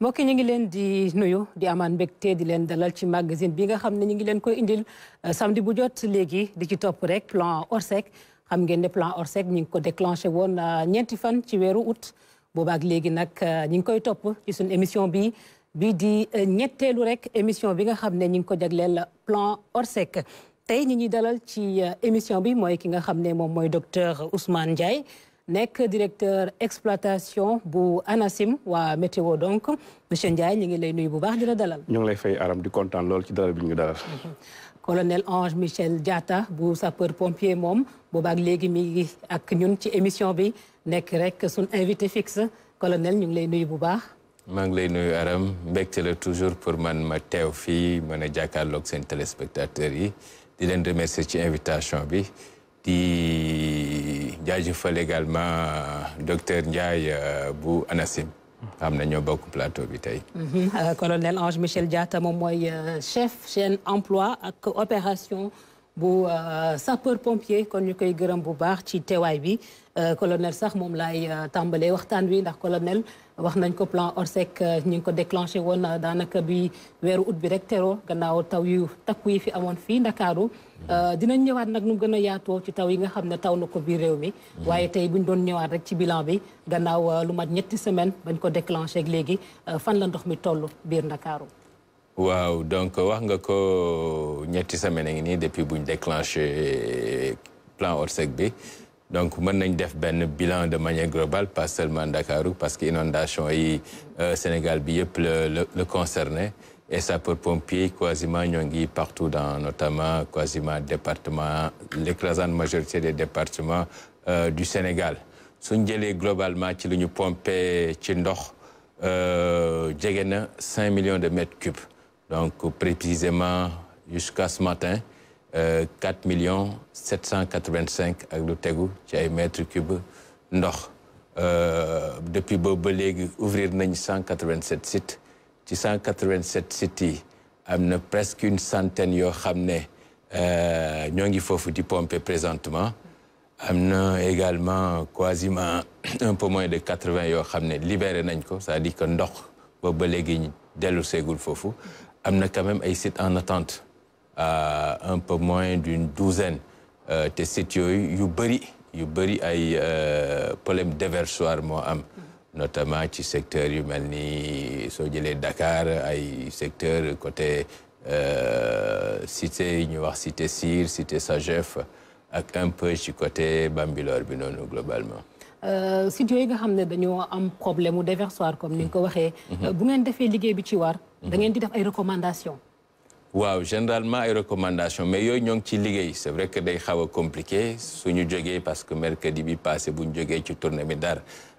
mbokk ñu ngi leen di nuyu di amaan mbégte di leen dalal ci magazine bi nga xam ne ñu ngi leen koy indil euh, samedi bu jot léegi di ci topp rek plan Orsec xam ngeen ne plan Orsec ñu ngi ko déclenché woon euh, ñeenti fan ci weeru août boobaak léegi nag euh, ñu ngi koy topp ci suñu émission bi bii di ñetteelu rek émission bi nga xam ne ñu ngi ko jagleel plan Orsec tey ñi ñuy dalal ci émission bi mooy ki nga xam ne moom mooy docteur Ousmane Ndiaye nek directeur exploitation bu ANASIM météo donc monsieur Ndiaye ngi lay nuyu bu dalal. ñu ngi lay aram mhm. colonel Ange Michel Diatta sapeur pompier mi émission bi rek invité fixe colonel ñu ngi lay nuyu bu baax. ngi aram toujours pour man ma téléspectateurs yi di remercier invitation di jaajëfal également docteur Ndiaye euh, bu Anassim xam na ñoo bokk plateau bi tay mhm. euh, colonel Ange Michel Diatta mom moy euh, chef chaîne emploi ak opération bu sapeur pompier kon ñu koy gërëm bu baax ci teewaay bi colonel sax mom lay tambalé waxtan wi ndax colonel wax nañ ko plan Orsec ñu ko déclencher won daanaka bi wéru ut bi rek teroo gannaaw taw yu takku yi fi amoon fii Ndakaaru. Euh, dinañ ñëwaat nag nu mu gën a yaatoo ci taw yi nga xam ne taw na ko biir réew mi mhm. waaye tey buñ doon ñëwaat rek ci bilan bi gannaaw euh, lu mat ñetti semaine bañ ko déclenché ak léegi euh, fan la ndox mi toll biir Ndakaaru waaw donc wax nga ko ñetti semaine ngi nii depuis buñ déclenché plan Orsec bi donc mën nañ def benn bilan de manière globale pas seulement dakaru parce que inondation yi Sénégal bi yépp le le concerné et ça peut pompiers quasiment partout dans notamment quasiment département l'écrasante majorité des départements euh, du Sénégal globalement ci lu pompé euh, millions de mètres cubes donc précisément jusqu'à ce matin 4 euh, millions 785 mètres cubes depuis que ba ouvrir 987 sites 687 sites, city y presque une centaine de gens qui ñoo ngi foofu di pomper présentement am également quasiment un peu moins de 80 yo qui ont libéré nañ c'est-à-dire que ndox boobu ba léegi de seegul foofu quand même ay sites en attente euh, un peu moins d'une douzaine de euh, sites yooyu yu bëri yu bëri ay euh, problème déversoir notamment ci secteur yu mel ni soo Dakar ay secteur côté euh, cité université, Sir, cité Sajef, Sagef ak un peu ci côté Bambilor bi noonu globalement. Euh, studio yi nga xam ne dañoo am problème mu déversoir comme ni nga ko waxee. Mhm. Euh, bu ngeen defee liggéey bi ci war. da mhm. ngeen di def ay recommandations. waaw généralement recommandations mais yooyu ñoo ngi ci liggéey c'est vrai que day xaw compliqué suñu jógee parce que mercredi bi passé bu ñu jógee ci tournée mi dara.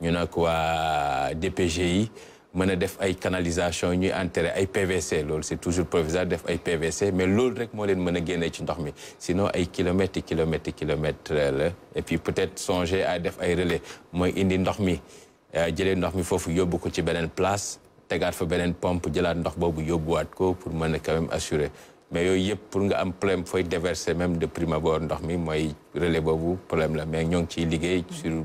ñu ko waa DPGI mën def ay canalisation ñuy enterrer ay PVC lool c'est toujours provisoire def ay PVC mais lool rek mo leen mën a ci ndox mi sinon ay kilomètres kilomètres kilomètres là et puis peut-être songer à def ay relais moy indi ndox mi euh, jëlé ndox mi fofu yóbbu ko ci benen place tegaat fa benen pompe jëlaat ndox boobu wat ko pour mën quand même assurer mais yooyu pour nga am problème fooy déverser même de prime abord ndox mi moy relais bobu problème la mais ñong ci ciy liggéey sur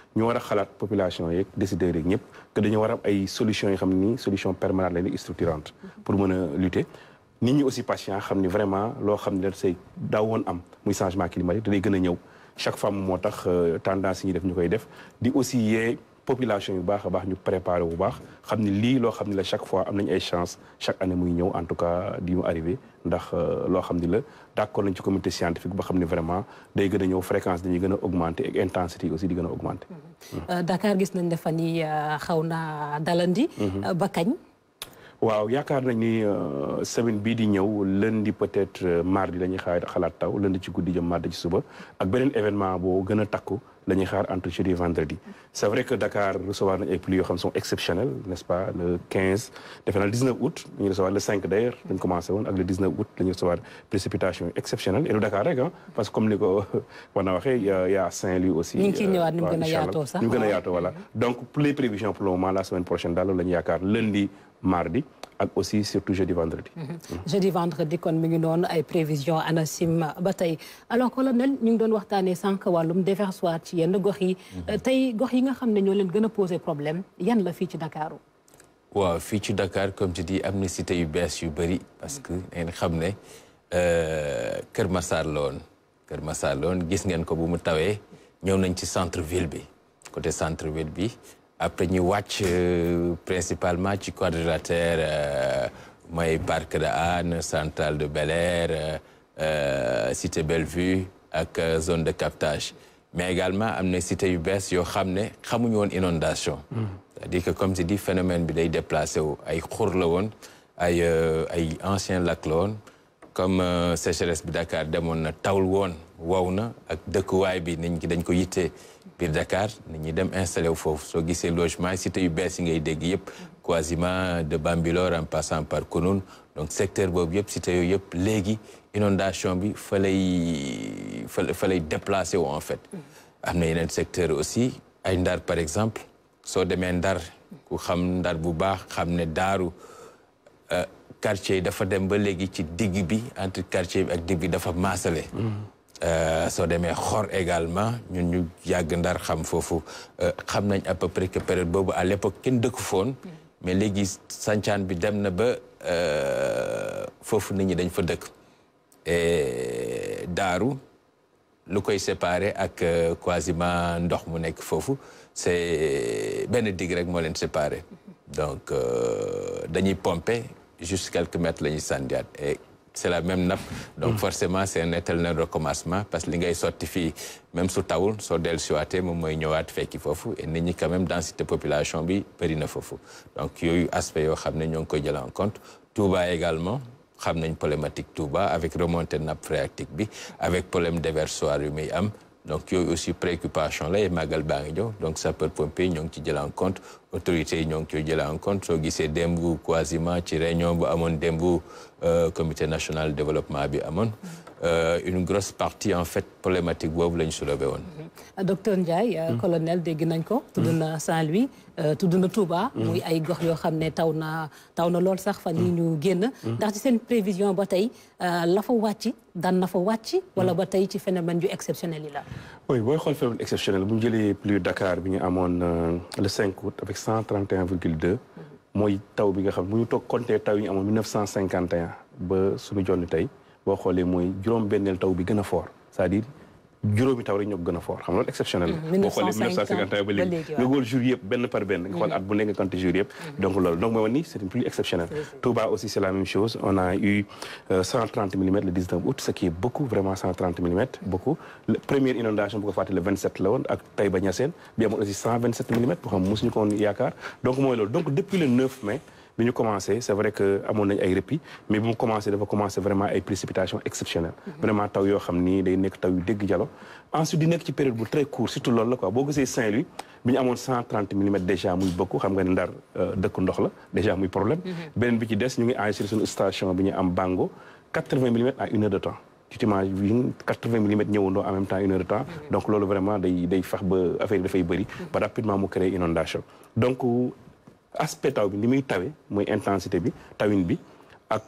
ñu war a xalaat population yeeg décideurs yeeg ñëpp que dañu war a am ay solutions yoo xam solution permanente la ni structurante pour mën lutter nit ñi aussi patient xam vraiment lo xam ne da say daaw am muy changement climatique da day gën ñëw chaque femme motax euh, tendance yi def ñu def di aussi yee population yu baax baax ñu préparer bu baax xamni li lo xamni la chaque fois am nañu ay chance chaque année muy ñëw en tout cas di ñu arriver ndax euh, lo xamni la d'accord nañ ci comité scientifique ba xamni vraiment day gëna a fréquence dañuy gëna augmenter et intensité aussi di gëna augmenter. Euh, Dakar gis nañ defani euh, xawna dalandi. Mm-hmm. ba kañ waaw yaakaar nañ ni euh, semaine bii di ñëw lundi peut-être euh, mardi la ñuy xaar xalaat taw lundi ci guddi jëm mardi ci suba ak beneen événement boo gën a takku la ñuy xaar entre jeudi vendredi. c'est vrai que Dakar recevoir nañ ay pluies yoo xam sont exceptionnelles n'est-ce pas le 15 defe naa le 19 août la ñuy recevoir le 5 d'ailleurs dañ commencé woon ak le 19 août la ñuy recevoir précipitation exceptionnelle et du Dakar rek ah parce que comme ni ko war na waxee y a Saint-Louis aussi. ñu ngi ciy euh, ñëwaat ni mu gën a yaatoo sax ñu gën a yaatoo voilà. donc pour les prévisions pour le moment la semaine prochaine daal loolu la ñuy yaakaar lundi mardi ak aussi surtout jeudi vendredi. Mhm. jeudi vendredi kon mi ngi non ay prévision ANACIM batay. alors colonel ñu ngi doon waxtaanee sànq wàllum déversoir ci yenn gox yi. Mhm. Euh, tay gox yi nga xamné ne ñoo leen gën a problème yan la fi ci Dakar. Wa fi ci Dakar comme je dis amnistie yu bees yu bari parce que ngeen xamné euh Kër Massar la woon Kër Massar la gis ngeen ko bu mu tawé ñëw nañ ci centre ville bi côté centre ville bi après nous watch euh, principalement ci quadrilatère euh, mooy Parc de Hann Centrale de Bel Air euh, Cité Bellevue ak zone de captage mais également am cité yu yo yoo xam ne inondation hmm. c'est-à-dire que comme je dis phénomène bi day déplacé Il ay xur ay ay ancien lac la comme sécheresse de Dakar demone tawul won wawna ak dëkkuwaay bi niñ ki dañ ko yittee biir Dakar nous ñi installé wu logements, qui logement cité yu yi quasiment de Bambilor en passant par Kounoun. donc secteur Bob, yëpp cité les inondation il fallait lay en fait am na secteur aussi ay par exemple Ndar ku xam Ndar bu baax euh, quartier dafa dem ba entre quartier bi ak euh, soo demee xor également ñun ñu yag ndar xam fofu euh, xam nañ à peu près que période bobu à l'époque kenn dëkk foon mais léegi santiane bi dem na ba euh, fofu nit ñi dañ fa dëkk et daru lu koy séparer ak quasiment ndox mu nekk fofu c'est ben dig rek mo leen séparer donc dañuy pomper juste quelques mètres lañuy sandiat et c'est la même nappe donc mm. forcément c'est un éternel recommencement parce que les gens sortent fii même su sur soo ils ont fait qu'il faut faire. et ils sont quand même dans cette population bi qu'il faut faire. donc il y a eu aspect ñoo a koy jël en compte Touba également eu une problématique Touba avec remontée nappe phréatique avec avec problème de versoir humain donc a aussi préoccupation là, et Magal donc ça peut on ci en compte autorités en compte quasiment euh, comité national développement euh, une grosse partie en fait problématique boobu la ñu soulevé woon. Euh, docteur Ndiaye. Euh, hmm. colonel dégg nañ ko. tudd hmm. Saint-Louis tuduna Touba. Hmm. muy ay gox yo xamné tawna tawna lol sax fan yi ñu génn. ndax ci sen prévision ba tey la fa wàcc dan na fa wàcc. wala ba tey ci phénomène yu exceptionnel yi la. oui boy xol phénomène exceptionnel bu ñu plus Dakar bi ñu amone le 5 août avec 131,2 moy taw bi nga xam bu ñu tok compter taw yi ñu amoon 1951 ba suñu jonni tay boo xoolee mooy juróom-benneel taw bi gën a fort c'est-à-dire juróomi taw rek ñoo ko gën a fort xam nga loolu exceptionnel la mm-hmm. boo xoolee 1950 ba léegi nga xool jour yëpp benn par benn nga xool mm-hmm. at bu nekk nga compté jour yëpp mm-hmm. donc loolu donc mooy wane ni c'est une pluie exceptionnelle Touba aussi c'est la même chose on a eu 130 euh, millimètres le 19 août ce qui est beaucoup vraiment 130 millimètres beaucoup première inondation bu ko fàtte le 27 la woon ak Taïba Niassène bi amoon aussi 127 millimètres boo xam mosuñu ko woon yaakaar donc mooy loolu donc depuis le 9 mai bi ñu commencé c'est vrai que amoon nañ ay répit mais bu commencer commencé dafa commencé vraiment ay précipitations exceptionnelles mhm. vraiment taw yoo xam ni day nekk taw eu dégg jalo ensuite di nekk ci période bu très courte surtout là là quoi boo gisee Saint-Louis bi ñu 130 mm déjà muy beaucoup. xam nga ne ndar euh, dëkk là la déjà muy problème ben bi ci des ñu ngi enregistré une station bi ñu am Bango 80 mm en à une heure de temps tu t'imagines 80 mm ñëwandoo en même temps une heure de temps mhm. donc là vraiment day day fax ba affaire yi dafay bëri ba rapidement mu créer inondation donc aspect taw bi ni muy tawe mooy intensité bi tawin bi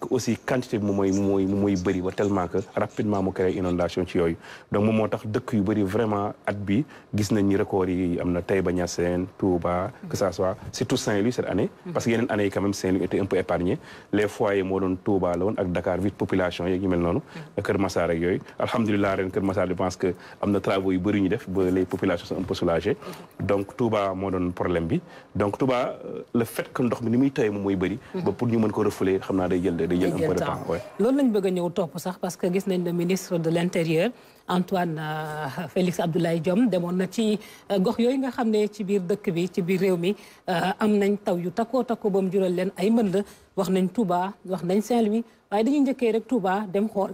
aussi quantité de moom mooy mooy tellement que rapidement mu créé inondation ci yooyu donc mon moo tax dëkk yu vraiment at bi gis nañ ni record yi amna na Taïba Niassène Touba que ça soit c'est tout Saint-Louis cette année mhm. parce que yenen année quand même Saint-Louis était un peu épargné les foyers moo doon Touba la ak Dakar vite population yeeg ñu mel noonu mhm. keur Massar ak yoy alhamdoulillah ren keur Massar je pense que amna travaux yu bëri ñu def les populations sont un peu soulagées mhm. donc Touba moo doon problème bi donc Touba euh, le fait que ndox mi ni muy tay moom mooy ba pour ñu mën ko refouler xamna day jël day jël un peu de temps ouais. loolu lañ bëgg a ñëw topp sax parce que gis nañ le ministre de l' intérieur Antoine euh, Félix Abdoulaye jom demoon na ci euh, gox yooyu nga xam ne ci biir dëkk bi ci biir réew mi euh, am nañ taw yu takkoo takkoo ba mu jural leen ay mbënd wax nañ Touba wax nañ Saint-Louis waaye dañuy njëkkee rek Touba dem xool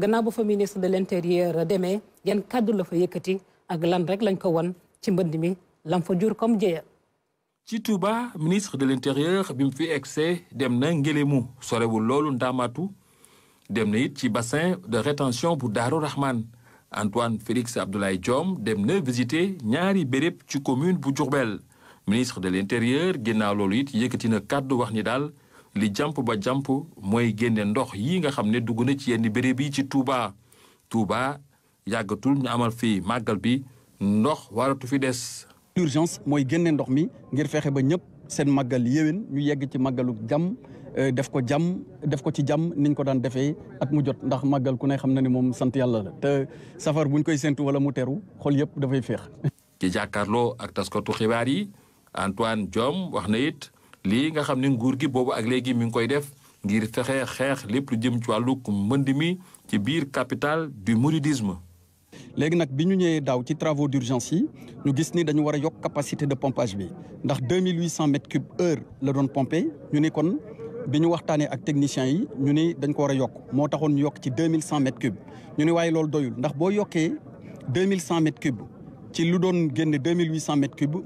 gannaaw ba fa ministre de l' intérieur demee yan kàddu la fa yëkkati ak lan rek lañ ko won ci mbënd mi lam fa jur comme jéeya. ci ministre de l'intérieur bimfi excès fi egsee dem na Ngélémou Tibassin ci bassin de rétention pour Rahman Antoine Félix Abdoulaye Jom, demne visité visiter ñaari béréb ci commune bu ministre de l'intérieur ginnaaw loolu it yëkkati na kàddu wax ni dal li jamp ba jamp moy génne ndox yi nga xamné duguna ci yenn béréb bi ci Touba Touba yagatul ñu amal fi bi waratu fi urgence mooy génne ndox mi ngir fexe ba ñëpp seen màggal yéwén ñu yegg ci màggalu jam euh, def ko jàmm def ko ci jam niñ ko daan defee at mu jot ndax màggal ku ne xam na ni moom sant yàlla la te safar buñ koy séntu wala mu teru xol yëpp dafay féex. ci jàkkaarloo ak taskatu xibaar yi Antoine Diome wax na it lii nga xam ne nguur gi boobu ak léegi mi ngi koy def ngir fexe xeex lépp lu jëm ci wàllu mbënd mi ci biir capital du mouridisme. Maintenant, quand on est dans les travaux d'urgence, on voit qu'on doit avoir la capacité de pompage. Parce que 2800 m3 heure la donne pompée, nous est donc quand on parle avec les techniciens, on doit l'avoir. C'est pourquoi on l'a 2100 m3. On dit que c'est pas ça. Parce si on 2100 m3, ce qui a 2800 m3, on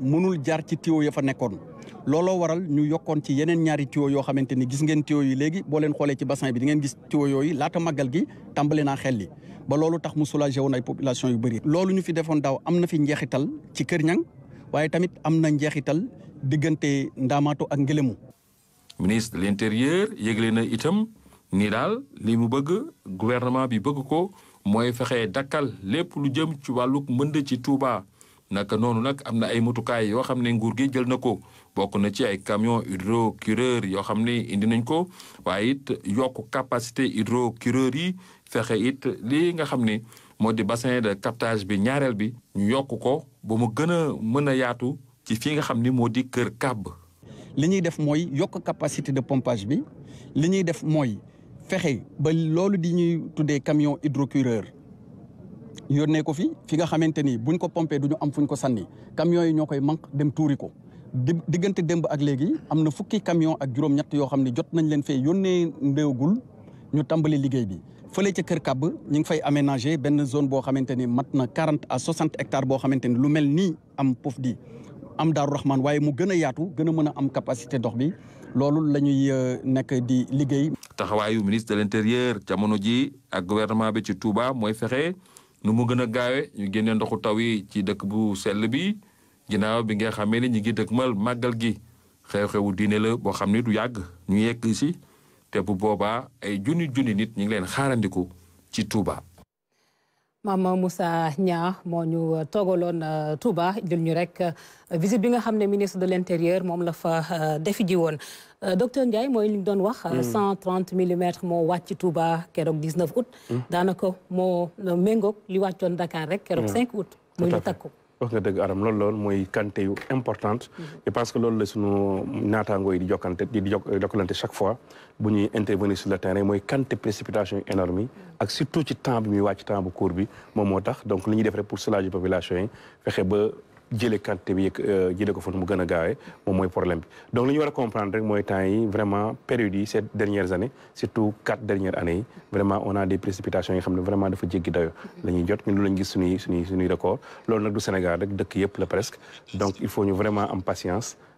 ne peut pas avoir la capacité looloo waral ñu yokkoon ci yeneen ñaari tuyau yoo xamante ni gis ngeen tuyau yi léegi boo leen xoolee ci bassin bi di ngeen gis tuyau yooyu laata màggal gi tàmbale naa xel li ba loolu tax mu soulagé woon ay population yu bëri. loolu ñu fi defoon daaw am na fi njeexital ci Kër Ñang waaye tamit am na njeexital diggante ndaamaato ak ngëlëmu. ministre de l'intérieur yëgle na itam ni daal li mu bëgg gouvernement bi bëgg ko mooy fexe dakkal lépp lu jëm ci wàlluk mbënd ci Touba naka noonu nag am na ay matukaay yoo xam ne nguur gi jël na ko. bokk na ci ay camion hydrocureur yoo xam ne indi nañ ko waaye it yokk capacité hydrocureur yi fexe it lii nga xam ne moo di bassin de captage bi ñaareel bi ñu yokk ko ba mu gën a mën a yaatu ci fii nga xam ni moo di kër kàbb li ñuy def mooy yokk capacité de pompage bi li ñuy def mooy fexe ba loolu di ñuy tuddee camion hydrocureur yónnee ko fi fi nga xamante ni buñ ko pompé duñu am fuñ ko sànni camion yi ñoo koy manq dem tuuri ko diggante démb ak léegi am na fukki camion ak juróom-ñett yoo xam ne jot nañ leen fee yónnee ndéewgul ñu tàmbali liggéey bi fële ca Kër Kàbb ñu ngi fay aménager benn zone boo xamante ni mat na quarante à soixante hectares boo xamante ni lu mel nii am pof di am daaru raxmaan waaye mu gën a yaatu gën a mën a am capacité dox bi loolu la ñuy euh, nekk di liggéey. taxawaayu ministre de l'intérieur jamono ji ak bi ci Touba mooy fexe nu mu gën a gaawe ñu génnee ndoxu taw yi ci dëkk bu sell bi. ginnaaw bi nga xamee ni ñu ngi dëgmal màggal gi xew-xewu diine la boo xam ni du yàgg ñu yegg si te bu boobaa ay junni junni nit ñu ngi leen xaarandiku ci Touba. Mame Moussa Niang moo ñu toogaloon euh, Touba jël ñu rek euh, visite bi nga xam ne ministre de l'intérieur moom la fa euh, defi woon docteur Ndiaye mooy li ñu doon wax. 130 mm. millimètres moo wàcc Touba keroog 19 août. Mm. daanaka moo méngoog li wàccoon Dakar rek keroog 5 mm. août. muy lu takku. Mhm. Je pense que c'est importante et que nous avons chaque fois bu intervenir sur le terrain Il quantité précipitation énorme et si mhm. surtout le temps bi la courbe, temps donc pour population il quantité bi des euh, ko mu problème donc nous wara comprendre rek vraiment période ces dernières années surtout quatre dernières années vraiment on a des précipitations yi vraiment dafa dayo la du Sénégal rek dëkk presque donc il faut vraiment en patience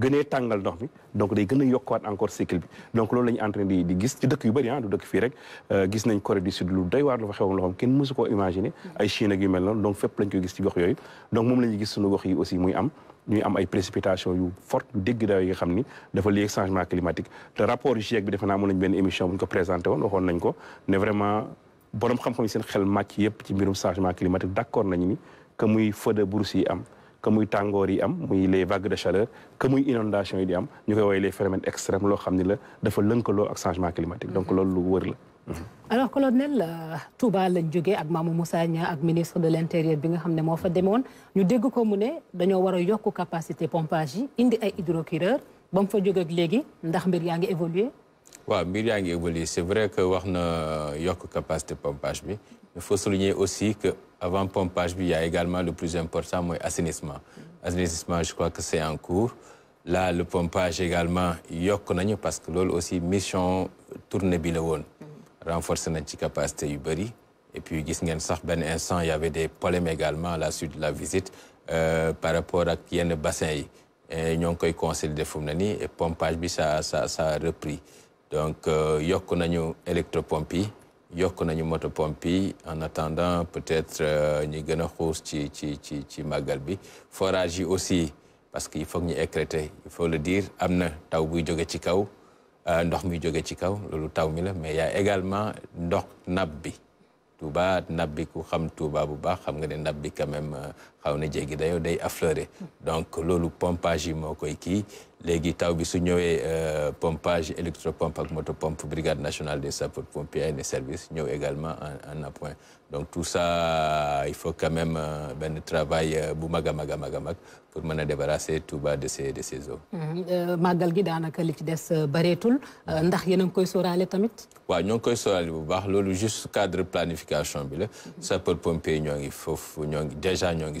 gënee tàngal ndox mi donc day gën a yokkuwaat encore cycle bi donc loolu la ñu en train di gis ci dëkk yu bëri ah du dëkk fii rek euh, gis nañ Corée du Sud lu doy waar lu fa xewoon loo xam kenn mësu koo imaginer ay Chine ak yu noonu donc gis ci gox yooyu donc moom la ñuy gis suñu gox yi aussi muy am ñuy am ay précipitations yu fort yu dégg daaw xam ni dafa lié changement climatique te rapport GIEC bi defe naa mën nañ benn émission bu ñu ko présenté woon waxoon nañ ko ne vraiment borom xam-xam seen xel màcc yëpp ci mbirum changement climatique d' accord nañu ni que muy feu de am que muy tàngoor yi am muy les vagues de chaleur que muy inondation yi am ñu koy woowee les phénomènes extrêmes loo xam ni la dafa lënkaloo ak changement climatique donc mhm. loolu lu wër la mhm. alors colonel euh, Touba lañ jógee ak Mamadou Moussa Niang ak ministre de l' bi nga xam ne moo fa demoon ñu dégg ko mu ne dañoo war a yokk capacité pompage yi indi ay hydrocureur ba mu fa jóg ak léegi ndax mbir yaa ngi évoluer Oui, c'est vrai que y a une capacité pompage bi il faut souligner aussi qu'avant le pompage bi il y a également le plus important l'assainissement. L'assainissement, assainissement je crois que c'est en cours là le pompage également il y parce que c'est aussi mission tournée bi le renforcer notre capacité yu et puis il y avait des problèmes également à la suite de la visite euh, par rapport à le bassin Nous avons eu koy conseil de fu et le et pompage bi ça ça ça a repris donc euh, yokk nañu électropompe yi yokk nañu moto pompe en attendant peut-être euh, ñu gën a xuus ci ci ci ci màggal bi forage yi aussi parce qu'il faut ñu écréter il faut le dire am na taw buy jóge ci kaw euh, ndox muy jóge ci kaw loolu taw mi la mais y a également ndox nabbi, tuba nabbi nappe bi ku xam Touba bu baax xam nga ne nappe quand même on est déjà dayo day affleurer donc loolu pompage yi moo koy kii léegi taw bi su euh, pompage électropompe ak motopompe brigade nationale des sapeurs pompiers et des services ñëw également en appoint donc tout ça il faut quand même ben travail euh, bu maga, maga, maga, mag pour mën débarrasser Touba de ces de ces eaux. magal mm-hmm. gi danaka li ci dess barétul mm-hmm. ndax yéen a koy soralé tamit. wa ñong koy soralé bu baax loolu juste cadre planification bi la mm-hmm. sapeurs pompiers ñongi fofu ñongi déjà ñongi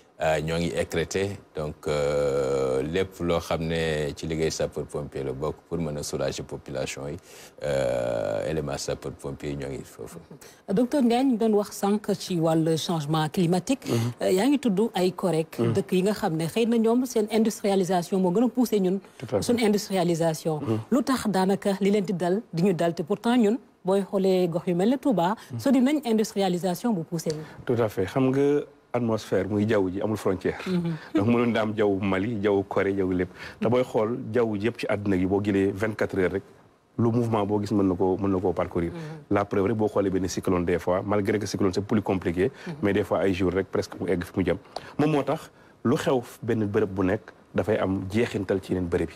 Euh, ñoo ngi écrété donc euh, lépp loo xam ne ci liggéey sapeur pompier la bokk pour mën a soulager population yi euh, élément sapeur pompier ñoo ngi foofu. docteur Ngagne doon wax sànq ci wàllu changement climatique. Mhm. yaa ngi tudd ay COREC. Mhm. dëkk yi nga xam ne xëy na ñoom seen industrialisation moo gën a poussé ñun. suñ industrialisation. Mhm. lu tax daanaka li leen di dal di ñu dal te pourtant ñun. booy xoolee gox yu mel ne Touba. sori nañ industrialisation bu poussé. tout à fait xam nga atmosphère muy jaww ji amul frontière mhm. donc mënoon ndam am jaww Mali jaww Corée jaww lepp da boy xol jaww ji yëpp ci aduna gi bo gilé 24 heures rek lu mouvement bo gis mën nako mën parcourir mhm. la preuve rek bo xolé ben cyclone des fois malgré que cyclone c'est plus compliqué mhm. mais des fois ay jours rek presque mu egg fi mu jëm mom motax lu xew ben bërëb bu da fay am jeexintal ci yeneen bërëb bi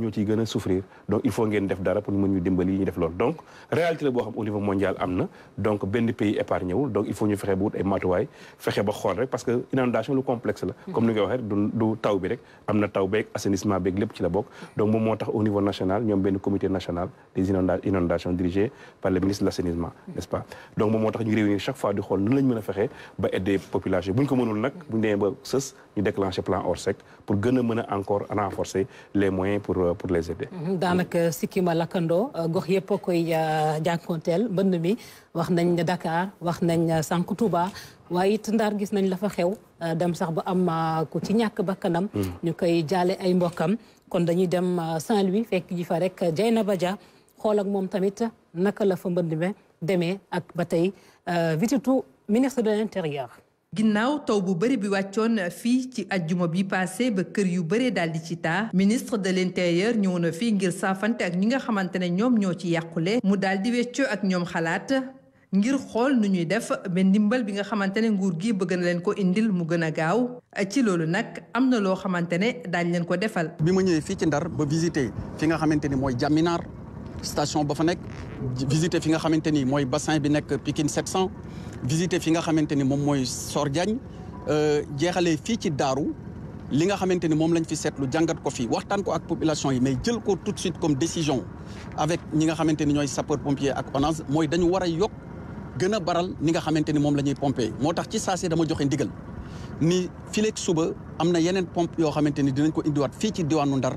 nous ñoo souffrir donc il faut que def dara pour ñu dimbali donc réalité la au niveau mondial amène donc donc benn pays épargné donc il faut ñu nous fassions et ay matuwaay ba parce que inondation le complexe là comme nous l'avons fait du du taw bi rek am na assainissement la donc nous avons au niveau national avons benn comité national des inondations dirigé par le ministre de l'assainissement n'est-ce pas donc nous avons ñu réunir chaque fois de nous nan lañ mën ba aider population populations. ko mënul déclencher plan ORSEC pour gën a encore encore renforcer les moyens pour euh, pour les aider. Mhm, daanaka sikkima lakkandoo euh, gox yëpp a koy euh, jànkonteel mbënd mi wax nañ Dakar wax nañ sànq Touba waaye it Ndar gis nañ la fa xew dem sax ba am ku ci ñàkk bakkanam mm. ñu koy jaale ay mbokkam kon dañuy dem Saint-Louis fekk ji fa rek Dieynaba Dia xool ak moom tamit naka la fa mbënd mi demee ak ba tey visitu ministre de l'intérieur ginnaaw taw bu bëri bi wàccoon fii ci ajjuma bi passé ba kër yu bëree daal di ci taa ministre de l'intérieur ñëw na fii ngir saafante ak ñi nga xamante ne ñoom ñoo ci yàqule mu daal di weccoo ak ñoom xalaat ngir xool nu ñuy def ba ndimbal bi nga xamante ne nguur gi bëgg na leen ko indil mu gën a gaaw ci loolu nag am na loo xamante ne daañ leen ko defal bi ma ñëwee fii ci Ndar ba visité fi nga xamante ne mooy Jaminaar station ba fa nekk visité fi nga bassin binek Pikin Pikine 700 visité fi nga xamante ni moom mooy Sor Diagne euh, jeexalee fii ci Daaru li nga xamante ni lañ fi ko fi population mais jël ko tout de suite comme décision avec ñi nga xamante sapeur pompier ak ONAS mooy dañu war a yokk baral ni nga xamante ni moom la ñuy pompé moo tax ci saa dama ni fileeg Souba, amna yenen pompe yo xamanteni dinañ ko wat fi ci diwanu Ndar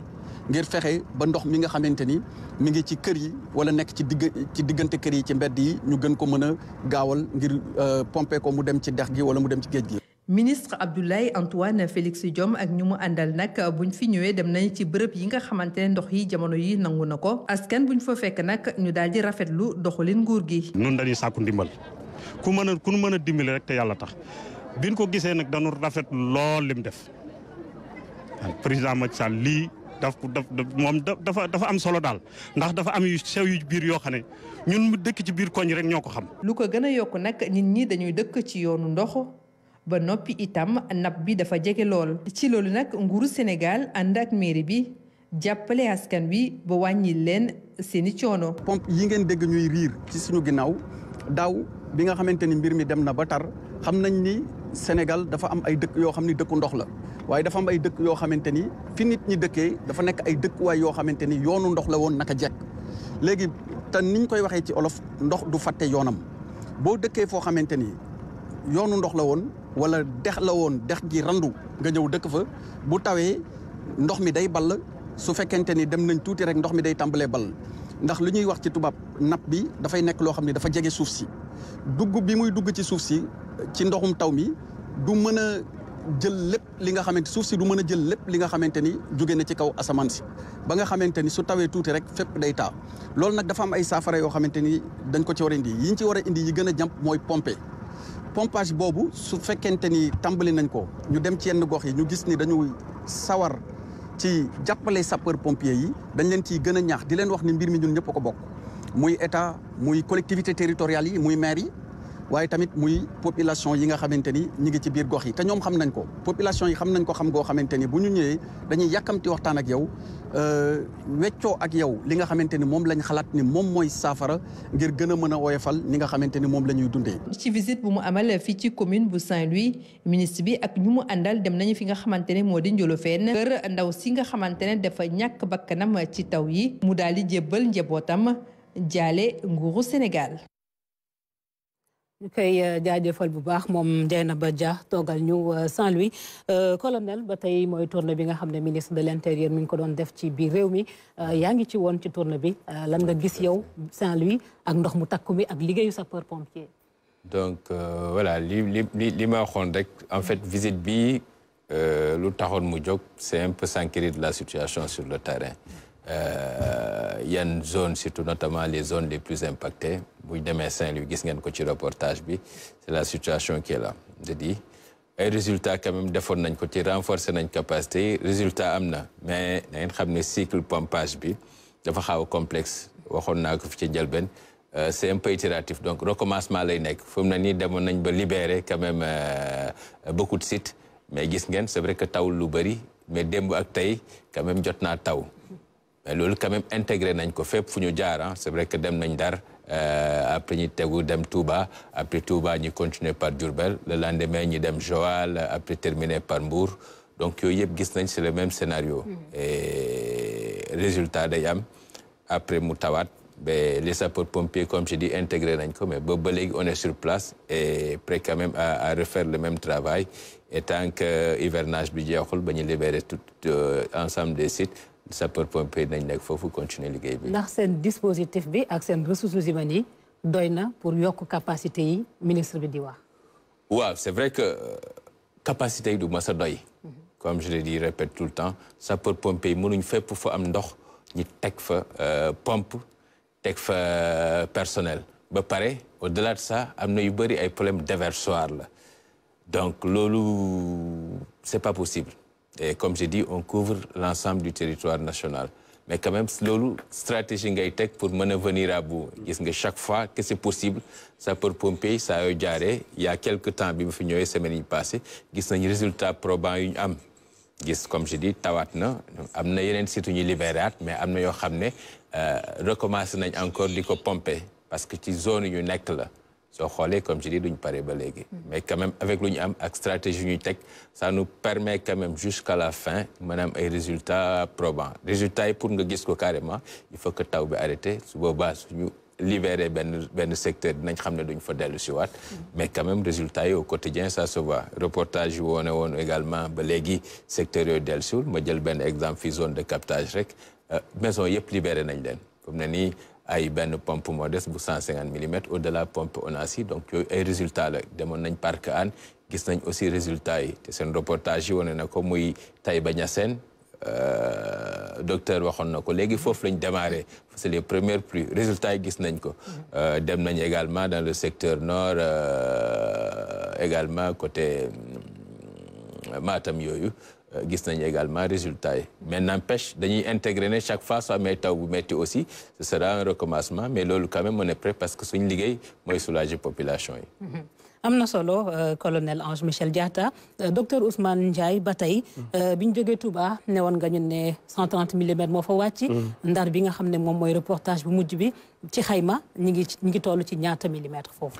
ngir fexe ba ndox mi nga xamante ni mi ngi ci kër yi wala nekk ci digg ci diggante kër yi ci mbedd yi ñu gën ko mën gaawal ngir euh, pomper ko mu dem ci dex gi wala mu dem ci géej gi. ministre Abdoulaye Antoine Félix Diome ak ñu mu àndal nag buñ fi ñëwee dem nañ ci bërëb yi nga xamante ne ndox yi jamono yi nangu na ko askan buñ fa fekk nag ñu daal di rafetlu doxalin nguur gi. nun dañuy sàkku ndimbal ku mën a ku mën a dimbali rek te yàlla tax biñ ko gisee nag dañu rafet lool lim def daf daf moom dafa dafa am solo daal ndax dafa am yu sew yu biir yoo xam ne ñun mu dëkk ci biir koñ rek ñoo ko xam. lu ko gën a yokk nag nit ñi dañuy dëkk ci yoonu ndox ba noppi itam napp bi dafa jege lool. ci loolu nag nguuru Sénégal ànd ak mairie bi jàppale askan bi ba wàññi leen seeni coono. pompe yi ngeen dëgg ñuy riir ci suñu ginnaaw daaw bi nga xamante ni mbir mi dem na ba tar. xam nañ ni Sénégal dafa am ay dëkk yoo xam ni dëkku ndox la waaye dafa am ay dëkk yoo xamante ni fi nit ñi dëkkee dafa nekk ay dëkkuwaay yoo xamante ni yoonu ndox la woon naka jekk léegi te niñ koy waxee ci olof ndox du fàtte yoonam boo dëkkee foo xamante ni yoonu ndox la woon wala dex la woon dex gi randu nga ñëw dëkk fa bu tawee ndox mi day ball su fekkente ni dem nañ tuuti rek ndox mi day tàmbalee ball ndax li ñuy wax ci tubaab napp bi dafay nekk loo xam ne dafa jege suuf si dugg bi muy dugg ci suuf si ci ndoxum taw mi du mën a jël lépp li nga xamante suuf si du mën a jël lépp li nga xamante ni jóge na ci kaw asamaan si ba nga xamante ni su tawee tuuti rek fépp day taa lool nag dafa am ay saafara yoo xamante ni dañ ko ci war a indi yi ñu ci war a indi yi gën a jàmp mooy pompe pompage boobu su fekkente ni tàmbali nañ ko ñu dem ci yenn gox yi ñu gis ni dañu sawar ci jàppale sapeur pompier yi dañ leen ciy gën a ñaax di leen wax ni mbir mi ñun ñëpp ko bokk muy état muy collectivité territoriale yi muy maire yi waaye tamit muy population yi nga xamante ni ñi ngi ci biir gox yi te ñoom xam nañ ko population yi xam nañ ko xam goo xamante ni bu ñu ñëwee dañuy yàkkamti waxtaan ak yow euh, weccoo ak yow li nga xamante ni moom lañ xalaat ni moom mooy saafara ngir gën a mën a woyofal ni nga xamante ni moom la ñuy dundee. ci visite bu mu amal fii ci commune bu Saint-Louis ministre bi ak ñu mu àndal dem nañu fi nga xamante ne moo di Njolofeen kër ndaw si nga xamante ne dafa ñàkk bakkanam ci taw yi mu daal di jébbal njabootam jaale nguuru Sénégal. kay koy euh, jaajëfal bu baax mom moom euh, euh, ba Dia togal ñu Saint-Louis colonel batay moy tourne bi nga xamne ministre de l'intérieur intérieur mi ngi ko doon def ci bi réew mi yaa ci won ci tourne bi lan nga gis yow Saint-Louis ak ndox mu takku mi ak liggéeyu sapeur pompier. donc euh, voilà li li li ma waxoon rek en fait visite bi euh lu taxone mu jog c'est un peu s'enquérir de la situation sur le terrain. euh il y a une zone surtout notamment les zones les plus impactées bu ñu demee Saint-Louis gis ngeen ko ci reportage c'est la situation qui est là je dis ay résultats quand même defoon nañ ko ci renforcer nañ capacité résultat amna, mais na ngeen xam le cycle pompage bi dafa xaw complexe on naa ko fi ci euh, c'est un peu itératif donc recommencement lay nekk fu mu ne nañ libérer quand même euh, beaucoup de sites mais gis ngeen c'est vrai que tawul lu mais démb ak tey quand même jot naa taw mais loolu quand même intégré dans ko hein. c'est vrai que nous avons Ndar euh, après ñi tegu dem Touba après Touba ñi continue par Durbel. le lendemain nous dem Joal après terminé par Mbour donc c'est le même scénario mm-hmm. et résultat day après mutawat, ben, les sapeurs-pompiers, comme je dis, intégrés mais on est sur place et prêt quand même à, refaire le même travail. Et tant que l'hivernage budget, on libérer tout euh, ensemble des sites sapeur pompier nañ nek fofu continuer liggéey bi. ndax sen dispositif bi ak sen ressources humaines yi doy pour yok capacité yi ministre bi di wax. waaw c'est vrai que euh, capacité du mas doy. Mhm. comme je le dis répète tout le temps sapeur pompier yi mënuñ fépp fa am ndox ñi tek fa euh, pompe tek fa euh, personnel. ba paré au delà de ça am na yu bari ay problème déversoir la donc lolu c'est pas possible. Et comme j'ai dit, on couvre l'ensemble du territoire national. Mais quand même, c'est une stratégie pour mener venir à bout. chaque fois que c'est possible, ça peut pomper, ça a jaré. Il y a quelques temps, y a une semaine il y a nañ résultat probant yu am. comme je dis, Tawatna, y a eu des sites libérés, mais il y yo des euh qui nañ encore pomper parce que c'est une zone yu est là comme je dis duñ pare ba mais quand même avec lu am stratégie ça nous permet quand même jusqu'à la fin de a des résultats probants résultats pour nous dire carrément il faut que taw arrête. Si nous boobaa suñu libérer ben, ben secteur nous xam ne duñ fa mais quand même résultats au quotidien ça se voit reportage on est également ba secteur la dellu je vais jël exemple une zone de captage Mais euh, maison est libéré nañ a une pompe modeste de 150 mm au delà pompe onassie. donc yooyu ay résultats la a un parc qui gis aussi résultats C'est un reportage yi wane na ko le euh, docteur Wachon, a dit qu'il foofu démarrer. c'est les premières pluies résultats il gis a euh, également dans le secteur nord euh, également côté mm, Matam Yoyu. Euh, gis nañu également résultat mais n'empêche dañuy intégrer chaque fois à amee ou bu metti aussi ce sera un recommencement mais là, quand même on est prêt parce que suñu une mooy soulager population la population. Amna solo euh, colonel Ange Michel Diatta euh, docteur Ousmane Ndiaye batay tey mm-hmm. bi Touba ne nga ñu né 130 millimètres mo fa wàcc mm-hmm. ndar bi nga xamné mom moy reportage bu mujj bi ci xayma ñi ngi ñi ngi ci ñaata millimètres fofu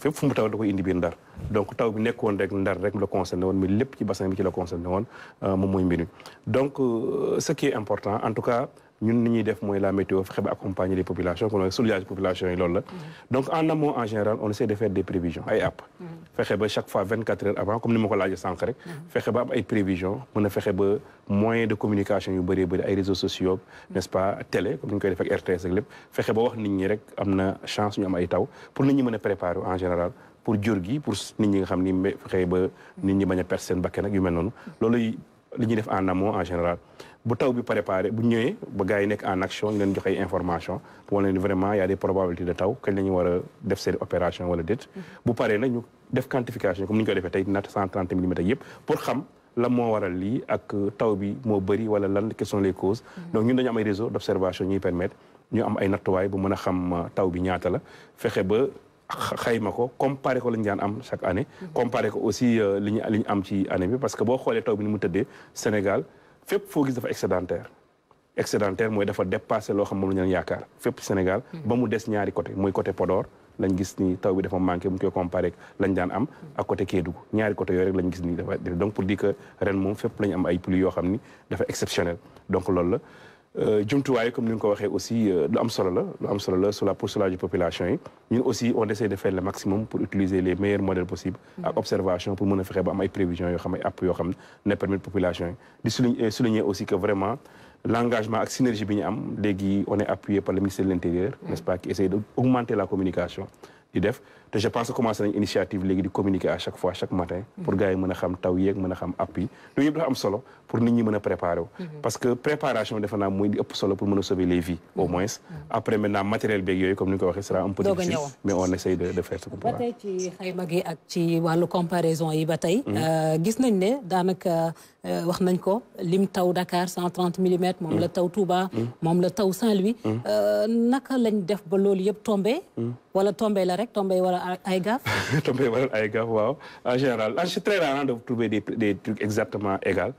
fépp fu mu taw da koy indi biir ndar donc taw bi nekkoon rek ndar rek le concerné woon mais lépp ci bassin bi ci la concerné woon euh, moom mooy mbir mi donc euh, ce qui est important en tout cas nous, ni ñuy def moy la météo fexe accompagner les populations pour soulage population yi la donc en amont en général on essaie de faire des prévisions ay app chaque fois 24 heures avant comme ni ma laje sank rek des am ay prévisions mën a fexe ba moyens de communication yu ay réseaux sociaux n'est-ce pas télé comme ni koy def ak RTS ak lépp fexe ba wax nit ñi rek amna chance ñu am ay taw pour nit ñi mën préparer en général pour jur pour nit ñi nga xam ni ba nit ñi bañ personne perte ak yu mel non loolu li ñi def en amont en général si vous avez préparé action vous avez des information pour vraiment y a des probabilités de taw que vous opération wala vous mhm. bu une quantification comme ñu ko 130 pour ak les causes mhm. donc nous dañu réseau d'observation observation permettre ñu am ay savoir euh, chaque année comparer aussi li parce que si vous taw bi Sénégal fépp foo gis dafa excédentaire excédentaire mooy dafa dépassé loo xam moom la ñu yaakaar fépp Sénégal hmm. ba mu des ñaari côté mooy côté Podor lañ gis ni taw bi dafa manqué mu koy comparé ak lañ daan am ak côté Kédougou ñaari côté yooyu rek lañ gis ni dafa donc pour dire que ren moom fépp lañ am ay pluies yoo xam ni dafa exceptionnel donc loolu la Nous euh, comme ni ko aussi euh, lu am solo la sur la population Nous aussi on essaie de faire le maximum pour utiliser les meilleurs modèles possibles avec mhm. observation pour montrer que prévisions yoo xam ay app yoo xam population yi euh, souligner aussi que vraiment l'engagement la synergie bi ñu on est appuyé par le ministère de l'intérieur mhm. n'est-ce pas qui essaie d'augmenter la communication di def te je pense que commencé initiative légui di communiquer à chaque fois chaque matin pour gars yi mën xam taw yi ak a xam app yi ñu am solo pour nit ñi mën préparer mhm. parce que préparation defe na mooy di ëpp solo pour mën sauver les vies au mhm. moins mhm. après maintenant matériel beeg yoy comme ni ko waxee sera un peu difficile mais on essaye de de faire ce qu'on peut ba ci xayma gi ak ci walu comparaison yi batay euh gis nañ ne daanaka euh, wax nañ ko lim taw Dakar 130 mm mom la taw Touba mom la taw Saint-Louis euh, naka lañ def ba lool yëpp tomber voilà, tomber la rek tomber wala ay gaaf à wala mhm. en général c'est très rare de trouver des trucs exactement égal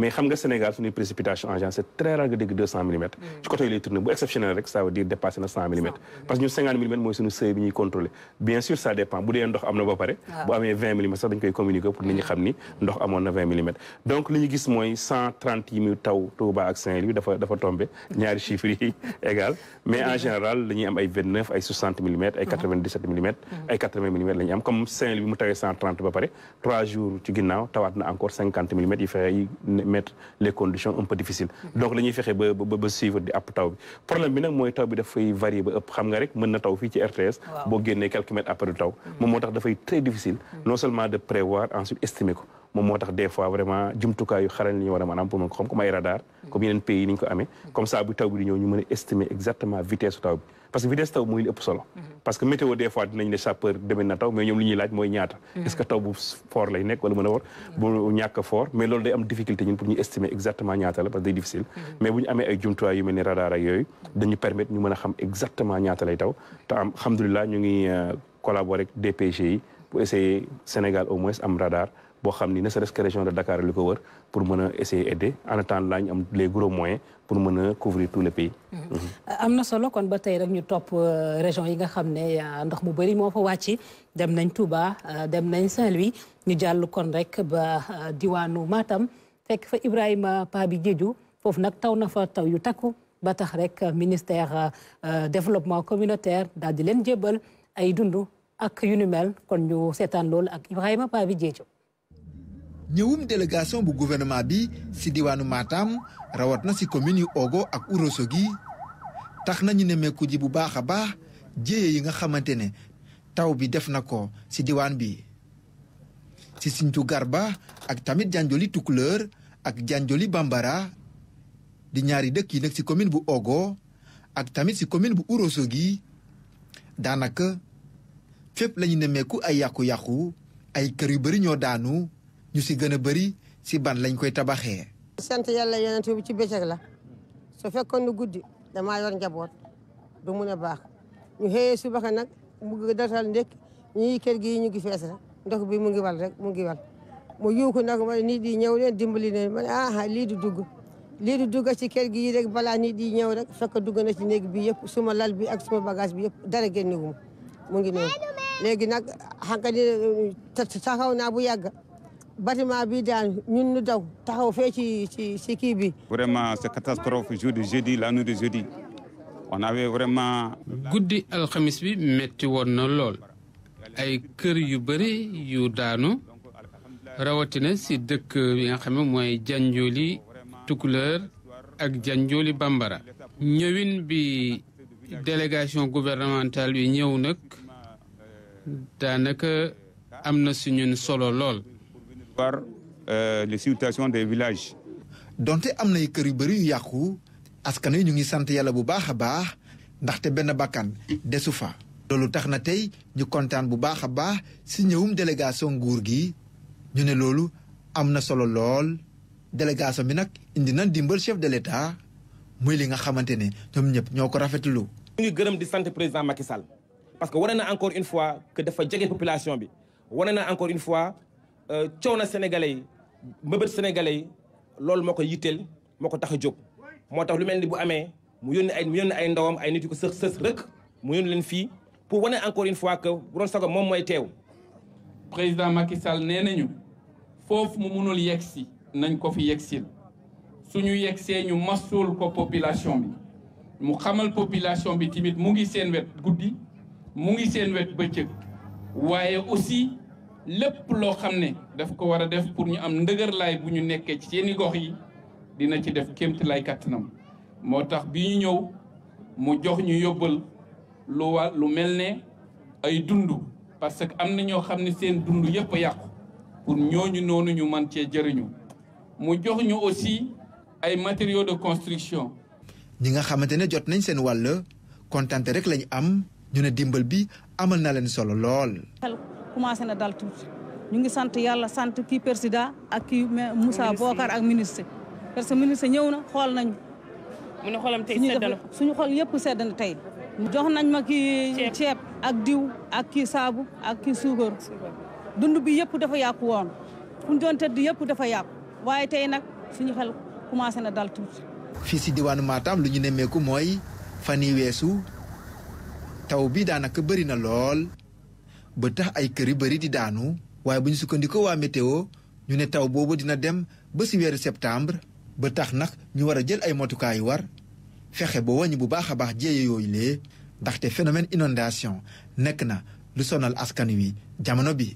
mais xam nga sénégal une précipitation en c'est très rare de 200 mm Je côté les tournées bu exceptionnel ça veut dire dépasser les 100 mm parce que 50 mm moy sunu seuil bi ñuy bien sûr ça dépend Si vous ndox amna ba paré amé 20 mm ça dañ koy communiquer pour avez ñi mm. xam ndox 20 mm donc li ñu gis 130 mm taw Touba ak Saint-Louis dafa dafa tomber ñaari chiffres égal mais en mm. général dañuy am ay 29 ay 60 mm millimètres ay 97 mm ay 80 mm la comme Saint-Louis bi mu tawé 130 ba paré trois jours ci ginnaw tawat na encore 50 mm il fait mettre les conditions un peu difficiles donc la fexé ba ba suivre di app taw bi problème bi nak moy taw bi dafay varier ba ëpp xam nga rek mën na taw fi ci RTS bo génné quelques mètres après du taw moom motax da fay très difficile mm. non seulement de prévoir ensuite estimer ko mom motax des fois vraiment jumtukaay yu xaral ni wara war pour mon comme ay radar mm. comme de pays niñ ko mm. comme ça bu taw bi di ñu mëna estimer exactement vitesse taw bi parce que vitesse taw mooy li ëpp solo. parce que météo des fois dinañ ne sapeur demee na taw mais ñoom li laaj mooy ñaata. Mm-hmm. est taw bu fort lay nekk wala mën a war bu ñàkk a fort mais loolu day am difficulté ñun pour ñu estimer exactement ñaata la parce que mm-hmm. dañu permettre ñu mën xam exactement ñaata lay taw te am alhamdulilah ñu ngi euh, collaborer ak yi pour essayer Sénégal au moins am radar. boo xam ni ne serait-ce de Dakar li ko wër pour mën essayer aider en attendant laa am les gros moyens pour mën couvrir tout le pays. Mhm. Euh, am na solo kon ba tey rek ñu topp euh, région yi nga xam ne euh, ndox mu bëri moo fa wàcc dem nañ Touba dem nañ Saint-Louis ñu jàll kon rek ba diwaanu Matam fekk fa Ibrahima Pa bi Diédhiou foofu nag taw na fa taw yu takku ba tax rek ministère développement communautaire daal di leen jébbal ay dund ak yu ni mel kon ñu seetaan loolu ak Ibrahima Pa bi ñëwum délégation bu gouvernement bi ci diwaanu maatam rawat na ci commune yu Ogo ak uroso gi tax nañu nemmeeku ji bu baax a baax jéye yi nga xamante ne taw bi def na ko ci diwaan bi ci Sinthiou Garba ak tamit Janjoli Tukulër ak Janjoli Bambara di ñaari dëkk yi nekk ci commune bu Ogo ak tamit ci commune bu gi daanaka fépp lañu nemmeeku ay yàqu-yàqu ay kër yu bari ñoo daanu ñu ci gëna a bëri si ban lañ koy tabaxé sant yalla yonent bi ci bëcëk la su fekkon nu guddi dama yor njabot du mëna bax baax ñu xëyee suba nak nag mu datal ndek ñi kër gi ñu gi fess rek ndox bi mu ngi wal rek mu ngi wal mu ko nak ma ni di ñew leen dimbali leen ma ne ah li du dugg li du dugg ci kër gi rek bala ni di ñew rek fekk dugg na ci neeg bi yépp suma lal bi ak suma bagage bi yépp dara génn wu mu ngi noonu léegi nak xam nga taxaw na bu yàgg. bâtiment bi daañu ñun ñu daw taxaw fee ci kii bi. vraiment c'est catastrophe jour de vraiment. guddi alxamis bi metti woon na lool ay kër yu bëri yu daanu rawatina si dëkk bi nga xam ne mooy janjooli tukuleur ak janjooli bambara. ñëwin bi délégation gouvernementale bi ñëw nag daanaka am na suñu solo lool. par euh, les situations des villages. donte am na nay kër yu bëri yu yàqu askan wi ñu ngi sant yàlla bu baax a baax ndaxte benn bakkan desu fa. loolu tax na tey ñu kontaan bu baax a baax si ñëwum délégation nguur gi ñu ne loolu am na solo lool délégation bi nag indi na dimbal chef de l'État muy li nga xamante ne ñoom ñëpp ñoo ko rafetlu. ñu ngi gërëm di sant président Macky Sall parce que wane na encore une fois que dafa jege population bi wane na encore une fois Euh, coono sénégalais yi mbëbët sénégalais yi loolu moo ko yitteel moo ko tax a jóg moo tax lu mel ni bu amee mu yónni ay mu ay ndawam ay nit yu ko sës sës rëkk mu yónni leen fii pour wane encore une fois que bu doon sago moom mooy teew. président Macky Sall nee nañu foofu mu mënul yegg si nañ ko fi yegg si ñu yegg see ñu masul ko population bi mu xamal population bi tamit mu ngi seen wet guddi mu ngi seen wet bëccëg waaye aussi. lépp loo xam ne daf ko war a def pour ñu am ndëgërlaay bu ñu nekkee ci seeni gox yi dina ci def kéemtalaay kàttanam moo tax bi ñu ñëw mu jox ñu yóbbal lu wa lu mel ne ay dund parce que am na ñoo xam ne seen dund yëpp yàqu pour ñoo ñu noonu ñu man cee jëriñu mu jox ñu aussi ay matériaux de construction. ñi nga xamante ne jot nañ seen wàll kontante rek lañu am ñu ne dimbal bi amal na leen solo lool. commencé na dal tuuti ñu ngi sant yàlla sant kii président ak kii Moussa Bokar ak ministre parce que ministre ñëw na xool nañu. mu ne xolam tey sedd xol yëpp sedd na tey. jox nañ ma kii ceeb ak diw ak kii saabu ak kii suukar. dund bi yëpp dafa yàqu woon fu ñu doon yëpp dafa yàqu waaye tey nag suñu xel commencé na dal tuuti. fii si diwaanu Matam lu ñu nemmeeku mooy fan yi weesu taw bi daanaka bëri na lool. ba tax ay kër yu bëri di daanu waaye bu ñu sukkandikoo waa météo ñu ne taw boobu dina dem ba si weeru septembre ba tax nag ñu war a jël ay motukaay war fexe ba wàññi bu baax a baax jéeye yooyu lee ndaxte phénomène inondation nekk na lu sonal askan wi jamono bi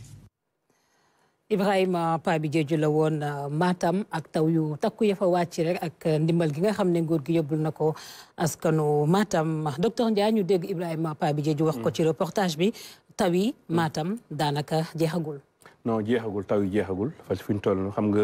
Ibrahima Pa bi Jeeju la woon euh, Matam ak taw yu takku yafa wàcc rek ak euh, ndimbal gi nga xam ne nguur gi yóbbul na ko askanu Matam docteur njaa ñu dégg Ibrahima Pa bi Jeeju wax ko ci reportage bi taw yi Matam daanaka jeexagul. non jeexagul taw yi jeexagul parce que fi ñu toll xam nga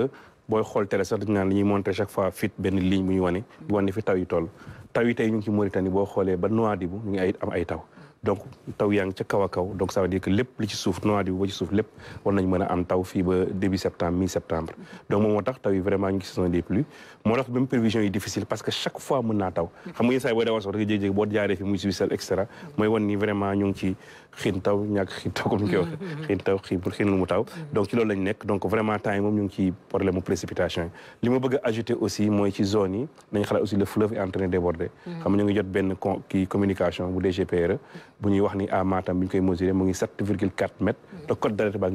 boo xool télé sax dañu naan li ñuy montré chaque fois fit benn ligne bu ñu wane. wane fi taw tool toll taw tey ñu ngi ci Mauritanie boo xoolee ba Nouadhibou ñu ngi ay am ay taw. donc taw yang ci ca kaw kaw donc ça veut dire que lepp li ci suuf Nouadhibou ba ci souf lepp war nañ mëna a am taw fi ba début septembre mi septembre donc moom moo tax taw yi vraiment ñu ngi saison des pluies moo tax même prévision yi difficile parce que chaque fois mëna taw xam nga yenn saa yi boo dawal sax rek jéeg-jéeg boo jaaree fi muy sibisal et cetera mooy ni vraiment ñu ci xiin taw ñàkk xiin taw comme ñu wax mm-hmm. xiin taw xiin pour xiin mu taw mm-hmm. donc ci loolu lañ nekk donc vraiment temps yi moom ñu ci problème mu précipitation yi li ma bëgg a ajouter aussi moy ci zone yi nañ xala aussi le fleuve est en train de déborder mm-hmm. xam nga ñu ngi jot ben qui communication bu DGPRE bu ñuy wax ni à Matam bi ñu koy mesurer mu mm.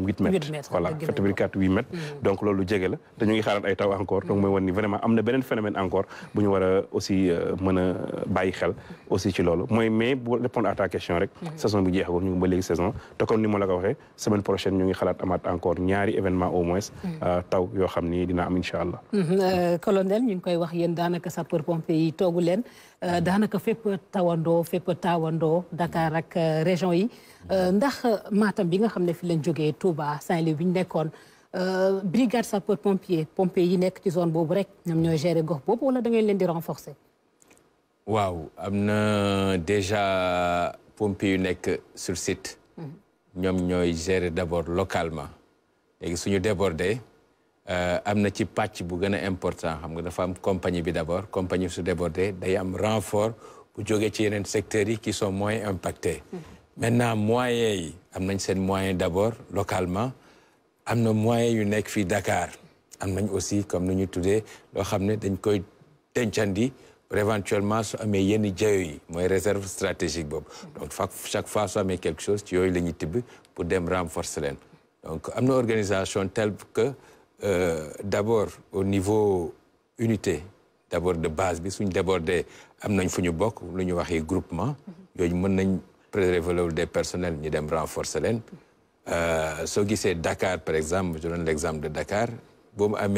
huit mètres voilà huit mètres mm. donc loolu jege la te ñu ngi xaaraat ay taw encore donc mm. mooy wan vraiment am na beneen phénomène encore bu ñu aussi euh, mën a xel aussi ci loolu mooy mais bu répondre à question rek saison bi jeexagul ñu ngi ba léegi saison te comme ni ma la ko semaine prochaine ñu ngi xalaat amaat encore ñaari événement au moins euh, taw yoo xam ni dina am incha allah mm-hmm. euh, Euh, danaka fepp tawando fepp tawando Dakar ak euh, région yi euh, ndax Matam bi nga xam fi lañ jógee Touba Saint-Louis bi ñu brigade sapeur pompier pompier yi nekk ci zone bobu rek ñam ñoy gérer gox bobu wala da ngay leen di renforcer. waaw amna déjà pompier yu nekk sur site. Mhm. ñom ñoy gérer d'abord localement léegi suñu débordé. Euh, am des ci patch bu gën a important xam nga dafa am compagnie bi d' compagnie sous-débordée, day am renfort pour secteurs qui sont moins impactés mm-hmm. maintenant moyens yi ces moyens seen moyens d'abord, localement y moyens des yu uniques à Dakar y a aussi comme nous ñu dit, des xam dañ koy pour éventuellement se amee yenn jayo yi réserve stratégique mm-hmm. donc chaque fois y a quelque chose ci yooyu des ñuy pour renforcer. renforcer il donc a une organisation telle que euh, d'abord au niveau unité d'abord de base bi suñ nous avons nañ fu ñu nous avons groupement nous avons préserver des personnels ñu dem renforcer Ce euh, qui Dakar par exemple je donne l'exemple de Dakar nous avons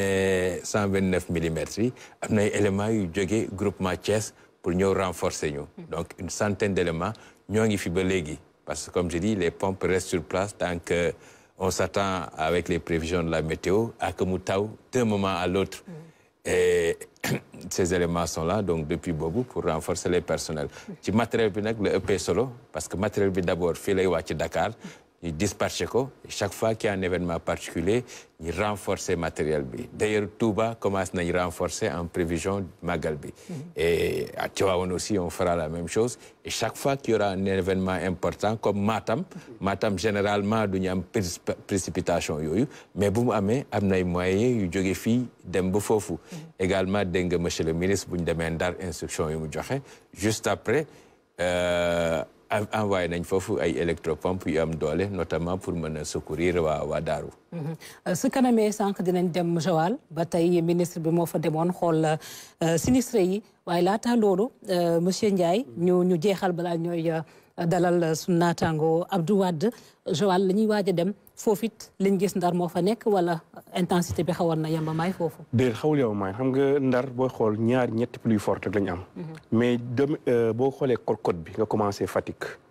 129 mm, millimètres yi am éléments de groupement pour nous renforcer donc une centaine d'éléments nous avons fait ba léegi parce que comme je dis les pompes restent sur place tant que on s'attend avec les prévisions de la météo à que d'un moment à l'autre, mm. et ces éléments sont là, donc depuis Bobou, pour renforcer les personnels. Le mm. matériel, le EP solo, parce que matériel, d'abord, il est à Dakar, il dispatché ko chaque fois qu'il y a un événement particulier renforce le matériel bi d'ailleurs Touba commence à renforcer en prévision Magal bi mhm. et à on aussi on fera la même chose et chaque fois qu'il y aura un événement important comme Matam Matam généralement y a am précipitation yoyu mais bu mu y am nay moyens yu jóge fi dem ba mhm. également dengue, monsieur le ministre vous ñu dar instruction yu mu joxé juste après euh, envoyé nañ foofu ay électropompe yu am doole notamment pour mën a secourir waa waa Daaru mhm. euh, su kanamee sànq dinañ dem Joal ba tey ministre bi moo fa demoon xool euh, sinistre yi waaye laata loolu euh, monsieur Ndiaye ñu ñu jeexal balaa ñooy dalal su naataango Abdou Wade Joal la ñuy waaj a dem foofu it liñ gis ndar moo fa nekk wala intensité bi xawoon na yemamaay foofu. déedéet xawul yemamaay xam nga ndar booy xool ñaar ñetti pluie forte rek lañ am. Mhm. mais euh, boo xoolee côte bi nga commencé Fatick.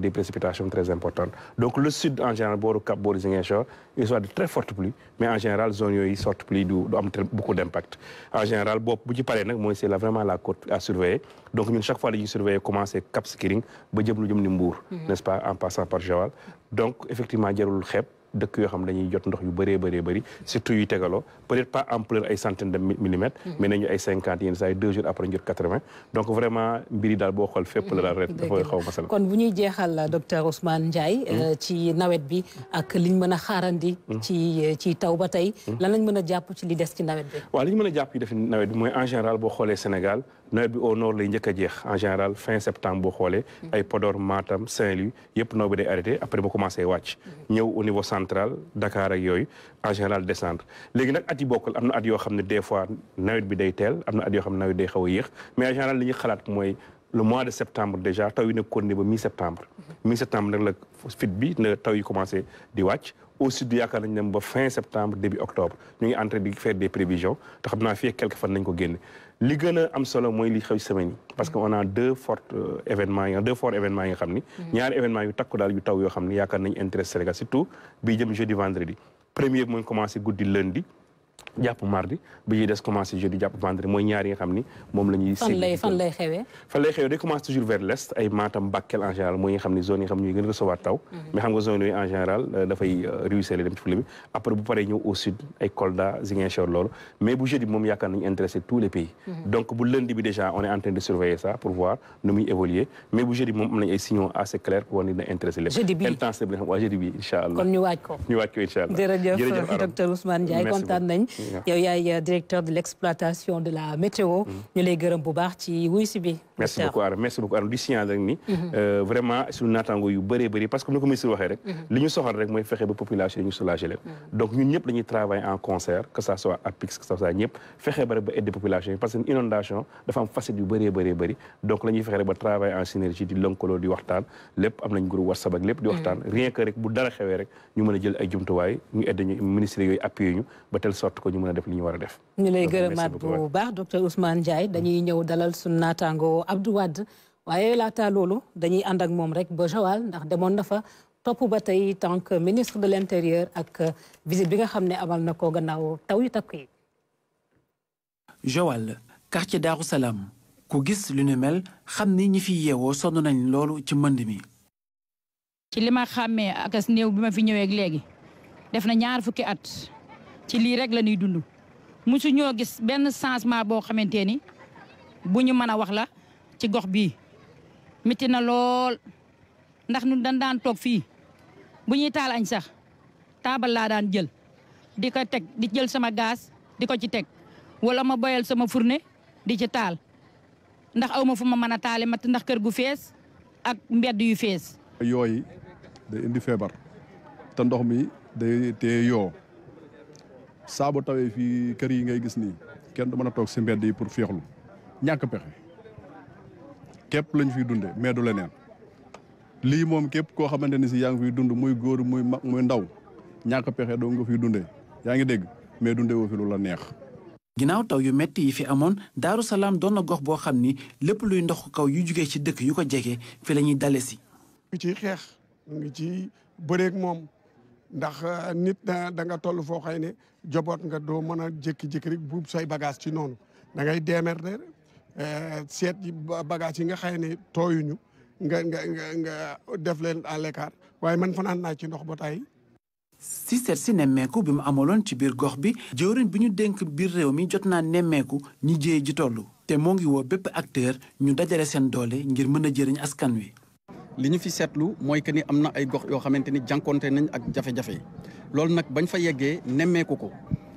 des précipitations très importantes. Donc le sud en général, Boru Cap, Boru il soit de très fortes pluies, mais en général, zone yooyu sorte pluie pluies ont beaucoup d'impact. En général c'est vraiment la côte à surveiller donc nous, chaque fois dañuy surveiller commencé Cap Skirring ba jëm mhm. n'est-ce pas en passant par Jawal. donc effectivement il jarul xeeb. dëkk yoo xam dañuy jot ndox yu bëree bëree bëri surtout yuy tegaloo peut-être pas ampleur ay centaine de millimètres mm-hmm. mais nañu ay cinquante yenn saa yi deux jours après ñu jot quatre vingt donc vraiment mbiri daal boo xool fépp la daal ret dafa xaw masala kon bu ñuy jeexal docteur Ousmane Ndiaye mm-hmm. euh, ci nawet bi ak liñ mën a xaarandi mm-hmm. ci euh, ci taw ba tey lan lañ mën a jàpp ci li des ci nawet bi waaw li ñu mën a jàpp ci def nawet bi mooy en général boo xoolee Sénégal Nous avons au nord lay en général fin septembre boo xoolee mhm. ay Podor Matam Saint-Louis yëpp nawet bi day arrêté après ba commencé wàcc mhm. ñëw au niveau central Dakar ak en général descendre léegi nag at yi bokkal am na at ne des fois nawet bi day mais en général li ñu xalaat le mois de septembre déjà taw yi ne mi septembre mi mhm. septembre nag la fit bi commencé di watch au sud du Yakar dem ba fin septembre début octobre ñu ngi entré de faire des prévisions te xam naa quelques fan nañ ko li gëna am solo moy li xew semaine parce que on a deux forts euh, événements deux forts événements yi nga xam ni mm. ñaari événements yu takku dal yu taw yo xamni ni yaakaar nañ intérêt Sénégal surtout bi jëm jeudi vendredi premier bi mooy commencé lundi jàpp mardi ba yi dess commencé jeudi jàpp vendredi moy ñaar yi nga xamni mom lañuy la ñuy fan lay fan lay xewee fan lay xewee day commencé toujours vers l'est ay Matam Bakel en général moy nga xamni zone yi xam ñuy gën a recevoir taw mhm. mais xam nga zone yi en général da euh, dafay euh, ruisseler dem ci fleuve bi après bu paré ñeu au sud ay Kolda Ziguinchor lolu mais bu jeudi mom moom yaakaar nañu intéressé tous les pays mhm. donc bu lundi bi déjà on est en train de surveiller ça pour voir nu muy évoluer mais bu jeudi mom am nañ ay signaux assez clairs pour war ni na intéresser lépp jeudi bi jeudi bi incha kon ñu waaj ko ñu waaj ko incha jërëjëf docteur Ousmane Ndiaye kontaan nañ yow yaay directeur de l'exploitation de la météo. Mm. ñu lay gërëm bu baax ci wuy si bi. merci beaucoup Arame merci beaucoup Arame di signal rek ni. Mm-hmm. Euh, vraiment suñu natango yu bëree bëri parce que comme ni ko ministre waxee rek. Mm-hmm. li ñu soxal rek moy fexé ba population yi ñu soulager leen. Mm-hmm. donc ñun ñëpp dañuy travailler en concert que ça soit APIX que ça soit ñëpp fexé ba ba aider population parce que inondation dafa am facette yu bëree bëree bëri donc lañuy fexé rek ba travailler en synergie di lonkolo di waxtaan lepp am nañ groupe WhatsApp ak lepp di waxtaan rien que rek bu dara xewé rek ñu mëna jël ay way ñu aider ñu ministère yoy appuyé ñu ba telle sorte ko ñu mën a def li ñu a def. ñu lay gërëmaat bu baax docteur Ousmane Ndiaye dañuy ñëw dalal suñu naataango Abdou Wade waaye laata loolu dañuy ànd ak moom rek ba Joal ndax demoon na fa topp ba tey tant que ministre de l'intérieur ak euh, visite bi nga xam ne amal na ko gannaaw taw yu takk yi. Joal quartier Daaru Salaam ku gis lu ne mel xam ni ñi fi yeewoo sonn nañ loolu ci mbënd mi. ci li ma xàmmee ak as bi ma fi ñëwee léegi def na ñaar fukki at. ci li rek la ñuy dund ñoo gis ben changement bo xamanteni ni bu ñu wax la ci gox bi miti na lol ndax ñun dañ daan tok fi bu ñuy taal añ sax la daan jël diko tek di jël sama gaz diko ci tek wala ma boyal sama fourné di ci taal ndax awma ma fu ma mat ndax kër gu fess ak mbedd yu fess yoy day indi febar ta ndox mi day téye yo saa bu tawee fii kër yi ngay gis ni kèn du mëna tok ci mbéd yi pour ñak képp lañ fi dunde mais du lénen li moom képp ko xamante ni si yaa fi dund muy goor muy mag muy ndaw ñak pexe do nga fi dunde yaangi dégg mais dunde wo fi lu la neex ginaaw taw yu metti yi fi amon daru salam doon na gox bo xamni lepp luy ndox kaw yu jugé ci dëkk yu ko fi lañuy dalé ci ci xex ngi ci ak moom ndax euh, nit na da nga toll foo xëy ne joboot nga doo mën a jékki-jékki rek buub say bagage ci noonu dangay ngay deemer de euh, seet bagage yi nga xëy ne tooyuñu nga nga nga def leen à waaye man fanaan naa ci ndox ba tey si seet si nemmeeku bi mu amaloon ci biir gox bi jëwriñ bi ñu dénk biir réew mi jot naa nemmeeku ñu jéye ji toll te moo ngi woo bépp acteur ñu dajale seen doole ngir mën a jëriñ askan wi li ñu fi seetlu mooy que ni am na ay gox yoo xamante ni jànkonte nañ ak jafe-jafe yi loolu nag bañ fa yeggee nemmeeku ko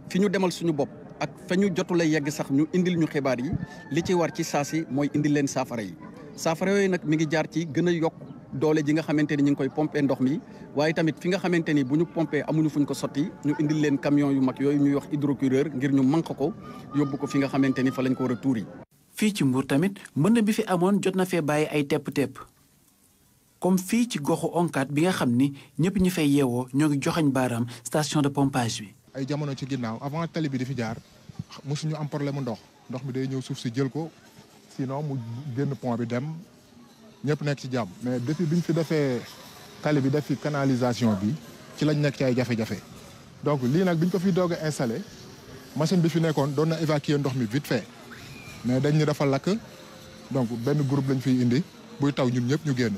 fi ñu demal suñu bopp ak fa ñu jotule yegg sax ñu indil ñu xibaar yi li ci war ci saasi mooy indil leen saafara yi saafara yooyu nag mi ngi jaar ci gën a yokk doole ji nga xamante ni ñu ngi koy pompe ndox mi waaye tamit fi nga xamante ni bu ñu pompe amuñu fuñ ko sotti ñu indil leen camion yu mag yooyu ñuy wax hydrocureur ngir ñu manq ko yóbbu ko fi nga xamante ni fa lañ ko war a tuuri fii ci Mbour tamit mën na bi fi amoon jot na fee bàyyi ay tepp-tepp comme fii ci goxu ONCAD bi nga xam ni ñëpp ñi fay yeewoo ñoo ngi joxañ baaraam station de pompage bi. ay jamono ci ginnaaw avant tali bi di fi jaar mosuñu am problème ndox ndox mi day ñëw suuf si jël ko sinon mu génn pont bi dem ñëpp nekk ci jàmm mais depuis bi fi defee tali bi def fi canalisation bi ci lañ nekk ci ay jafe-jafe. donc lii nag bi ñu ko fi doog a installé bi fi nekkoon doon na évacuer ndox mi vite fait mais dañ ñu dafa lakk donc benn groupe lañ fi indi buy taw ñun ñëpp ñu génn.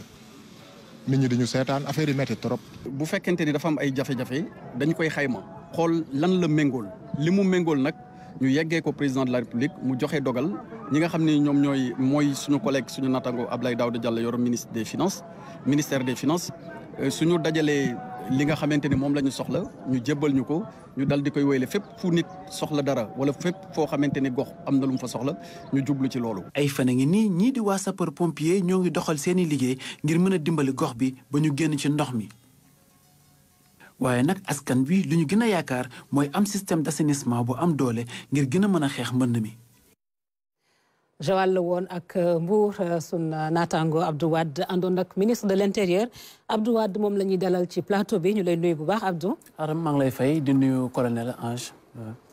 nit ñi dañu seetaan affaire yi métti trop. bu fekkente ni dafa am ay jafé jafé dañ koy xayma xol lan la mengol limu mengol nak ñu yeggé ko président de la république mu joxé dogal ñi nga xamni ñom ñoy moy suñu collègue suñu nattango Abdoulaye Daouda Diallo yor ministre des finances ministère des finances euh, suñu dajalé li nga xamante ni moom la ñu soxla ñu jébbal ñu ko ñu dal di koy woyle fépp fu nit soxla dara wala fépp foo xamante ni gox am na lu mu fa soxla ñu jublu ci loolu. ay fan a ngi nii ñii di waa sapeur pompier ñoo ngi doxal seeni liggéey ngir mën a dimbali gox bi ba ñu génn ci ndox mi. waaye nag askan wi lu ñu gën a yaakaar mooy am système d'assainissement bu am doole ngir gën a mën a xeex mbënd mi. Joal la woon ak euh, Mbour euh, sun euh, naataango Abdou Wade àndoon ak ministre de l' intérieur Abdou moom la ñuy dalal ci plateau bi ñu lay nuyu bu baax Abdou. Aram maa ngi lay fay di nuyu colonel Ange.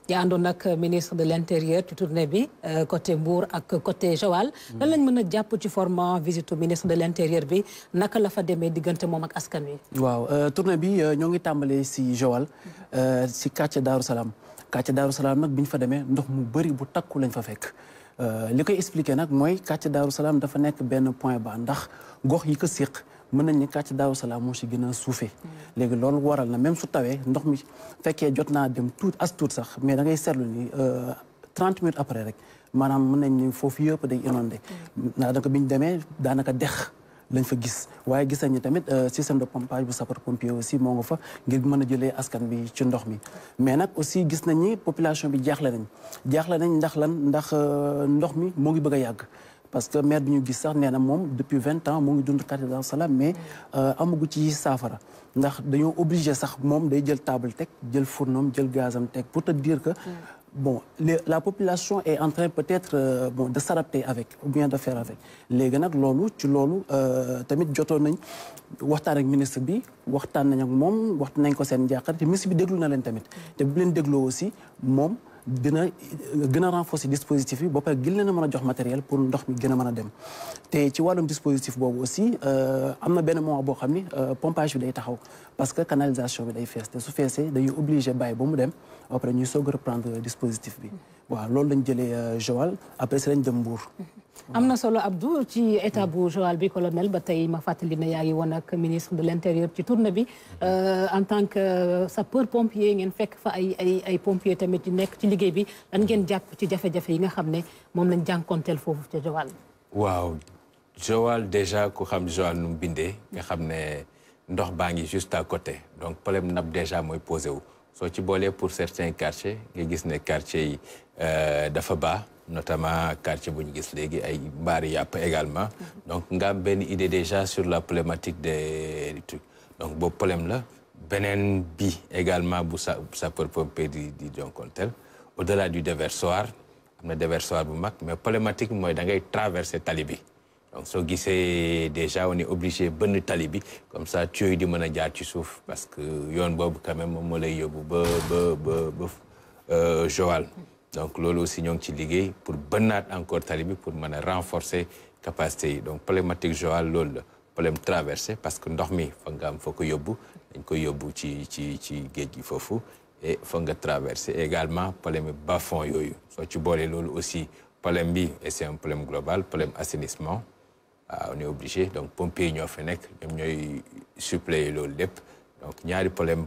yaa àndoon ak ministre de l' intérieur ci tournée bi côté Mbour ak côté Joal. lan lañ mën a jàpp ci format visite ministre de l' intérieur bi naka la fa demee diggante moom ak askan wi. waaw tournée bi ñoo ngi tàmbalee si Joal si quartier Darou Salaam quartier Darou Salaam nag bi ñu fa demee ndox mu bëri bu takku lañ fa fekk. Euh, li koy expliqué nag mooy kàcc daaru salaam dafa nekk benn point ba ndax gox yi ko séq mën nañ ni kàcc daaru salaam moo si gën a suufee mm. léegi loolu waral na même su tawee ndox mi fekkee jot naa dem tout as tuut sax mais dangay ngay seetlu ni 30 euh, minutes après rek maanaam mën nañ ni foofu yëpp day inondé ndax da ko bi ñu demee daanaka dex lañ fa gis waaye gis nañu tamit euh, système de pompage bu sapeur pompier aussi moo nga fa ngir mën a jëlee askan bi ci ndox mi mais nag aussi gis nañ ni population bi jaaxle nañ jaaxle nañ ndax lan ndax euh, ndox mi moo ngi bëgg a yàgg parce que maire bi ñu gis sax nee na moom depuis 20 ans moo ngi dund quartier Daaru Salaam mais euh, amagu ci saafara ndax dañoo obligé sax moom day jël table teg jël fourneau jël gazam teg pour te dire que mm bon, la population est en train peut-être euh, bon, de s'adapter avec ou bien de faire avec Les nag loolu ci loolu euh, tamit jotoon nañ waxtaan ak ministre bi waxtaan nañ ak moom waxtaan nañ ko seen njàqare te ministre bi déglu na leen tamit te bu leen dégloo aussi moom dina gën a renforcer dispositif bi ba pare gën leen a jox matériel pour ndox mi gën a dem té ci walum dispositif bobu aussi euh amna benn moment bo xamni ni euh, pompage bi day taxaw parce que canalisation bi day fees te su feesee dañuy obligé bay bu mu dem après ñu soog a reprendre dispositif bi mm-hmm. wa loolu lañ jëlé euh, Joal après c'est lañ dem Mbour mm-hmm amna solo Abdou ci état bu Joal bi colonel ba tey ma fàttali ne yaa ngi ak ministre de l'Intérieur. ci tourne bi euh, en tant que euh, sapeur pompier ngeen fekk fa ay ay ay pompier tamit yu nek ci liguey bi lan ngeen japp ci jafé jafé yi nga xamné mom moom lañ jànkonteel fofu ci Joal. waaw Joal déjà ko xam Joal num bindé nga xamné ne ndox baa juste à côté donc problème nab déjà moy posé wu so ci bolé pour certains quartiers nga gis né quartier yi. Euh, dafa notamment quartier bu ñu gis léegi ay également donc nga avons une idée déjà sur la problématique des trucs donc boobu problème la Benen bi également bu sa sapeur-pompier di di jonkonteel au-delà du déversoir am déversoir bu mag mais problématique bi mooy da ngay traverser tali bi donc soo c'est déjà on est obligé bënn tali bi comme ça tu es di mën a jaar ci parce que yoon Bob quand même moom moo lay yóbbu ba ba ba ba euh, Joal donc lolo aussi ñoo ngi ci liggéey pour bannir encore Talibi, pour renforcer renforcer capacité donc problématique Joal loolu problème traversé parce que ndox il fa nga yobu foo ko yóbbu dañ ko yóbbu ci ci ci géej fofu et fa nga traverser également problème bafon yoyu. soit tu ci boolee loolu aussi problème bi et c'est un problème global problème assainissement ah, on est obligé donc pompier yi nek ñoy suppléer loolu lépp donc ñaari problème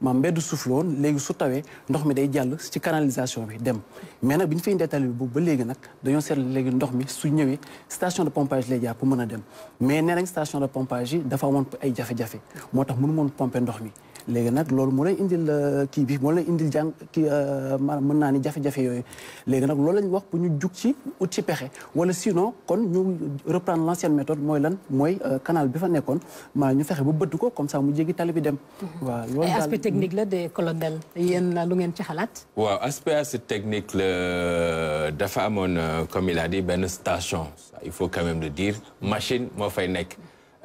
maam mbedd suuf loon léegi su tawee ndox mi day jàll ci canalisation bi dem mais nag bi ñu fay ndettali bi boobu ba léegi nag dañoo seetlu léegi ndox mi su ñëwee station de pompage lay jaar pour mën a dem mais nee nañ station de pompage yi dafa amoon ay jafe-jafe moo tax munu moon pomper ndox mi léegi nak lolou mo lay indil euh, ki bi mo lay indil jàng kii euh, manam mën ni jafé jafé yooyu légui nak lolou lañ wax pour ñu juk ci outil pexé wala sinon kon ñu reprendre l'ancienne méthode moy lan moy euh, canal bi fa nekkoon ma ñu fexé bu bëdd ko comme ça mu jéggi tali bi dem. Mhm. waaw loolu aspect technique la de colonel yéen lu ngeen ci xalat waaw aspect assez technique le dafa amone comme il a dit ben station il faut quand même le dire machine mo fay nekk.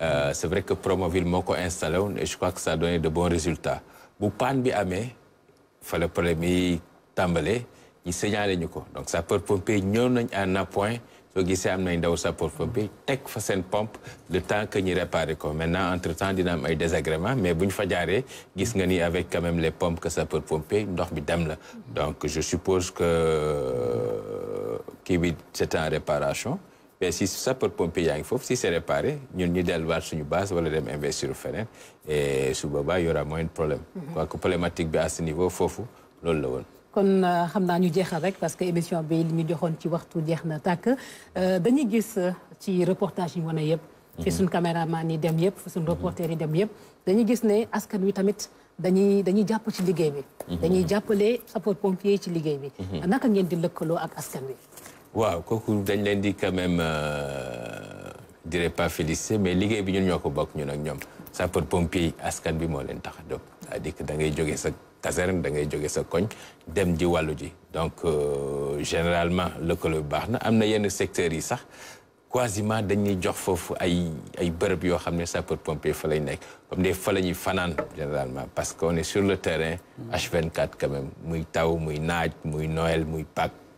Euh, c'est vrai que Promoville ville installé et je crois que ça a donné de bons résultats bu paan bi amee fa la problème yi tàmbalee ñu signalé ñu ko donc ça pomper pomper ñëw nañ point, point soo gisee am nañ sa pour pomper. teg fa une pompe le temps que nous réparer. maintenant entre temps y a des désagréments mais si vous fa jaaree nga ni avec quand même les pompes que ça pomper, ndox bi dem donc je suppose que euh, c'est en réparation mais si sapeur pompier yaa ngi foofu si c'est réparé ñun ñu delluwaat suñu base wala dem investir au feneen et su boobaa y aura moins de problème. Mhm. que problématique bi à ce niveau fofu loolu la woon. kon euh, xamna ñu jeexal rek parce que émission bi li ñu joxone ci waxtu jeex na euh dañuy gis ci reportage yi wane yépp mhm. fi suñ caméraman yi dem yépp fi suñ mhm. reporter yi dem yépp dañuy gis né askan wi tamit dañuy dañuy japp ci liggéey bi. dañuy jàppale sapeur pompier ci liggéey bi. naka ngeen di lëkkaloo ak askan wi waaw kooku dañ leen di quand même euh, je dirais pas félicité mais liggéey bi ñun ñoo ko bokk ñun ak ñoom sapeur pompier askan bi moo tax c'est-à-dire que da ngay jógee sa caserne da ngay jógee sa koñ dem ji wàllu ji donc euh, généralement lëkkaloo bu baax na am yenn secteurs yi sax quasiment dañuy jox foofu ay ay bërëb yoo xam ne sapeur pompier fa lay nekk comme des fa la ñuy généralement parce qu'on est sur le terrain mm. H24 quand même muy taw muy naaj muy Noël muy Pâques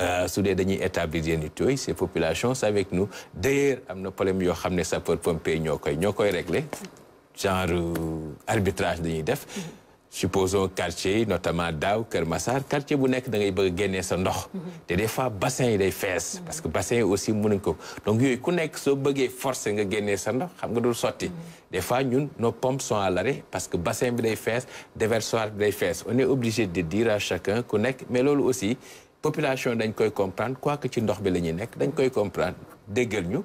Euh, Sous les dañuy établir ces populations sont avec nous d'ailleurs y a problème qui xam ne sapeurs-pompiers ñoo koy ñoo koy régler genre euh, arbitrage dañuy def supposons quartier notamment Daw, Kermassar. Massar quartier bu nekk da ngay de gagner des fois bassin est day parce que bassin est aussi mënuñ donc il ku que soo bëggee forcer nga gagner sa ndox xam nga des fois ñun nos pompes sont à l'arrêt parce que bassin est day le déversoir bi day on est obligé de dire à chacun ku est... mais aussi population dañ koy comprendre quoi que ci ndox bi la nek dañ koy comprendre déggal ñu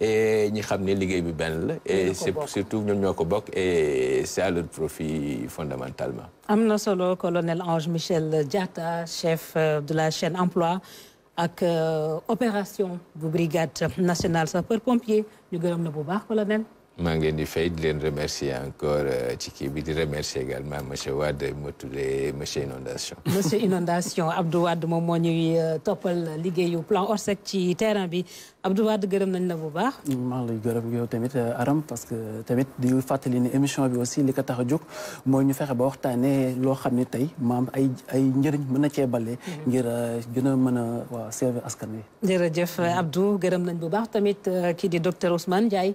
et ñi xamné ne liggéey bi benn la et c'est surtout ñoom ñoo ko bokk et c'est à leur profit fondamentalement Amna solo colonel Ange Michel Diatta chef euh, de la chaîne emploi ak euh, opération bu brigade nationale sapeur pompier ñu gërëm la bu baax colonel maa ngi leen di fay di leen remercier encore euh, ci kii bi di remercier également monsieur Wade ma tuddee monsieur Inondation. monsieur Inondation Abdou Wade moom moo ñuy euh, toppal liggéeyu plan Orsec ci terrain bi Abdou Wade gërëm nañ la bu baax. maa ngi lay gërëm yow tamit euh, Aram parce que tamit di fàttali ne émission bi aussi li ko tax a jóg mooy ñu fexe ba waxtaanee loo xam ne tey maam ay ay njëriñ mën na cee bale. Mm-hmm. ngir gën a mën a waaw servir askan wi. jërëjëf Abdou gërëm nañ bu baax tamit kii di docteur Ousmane Ndiaye.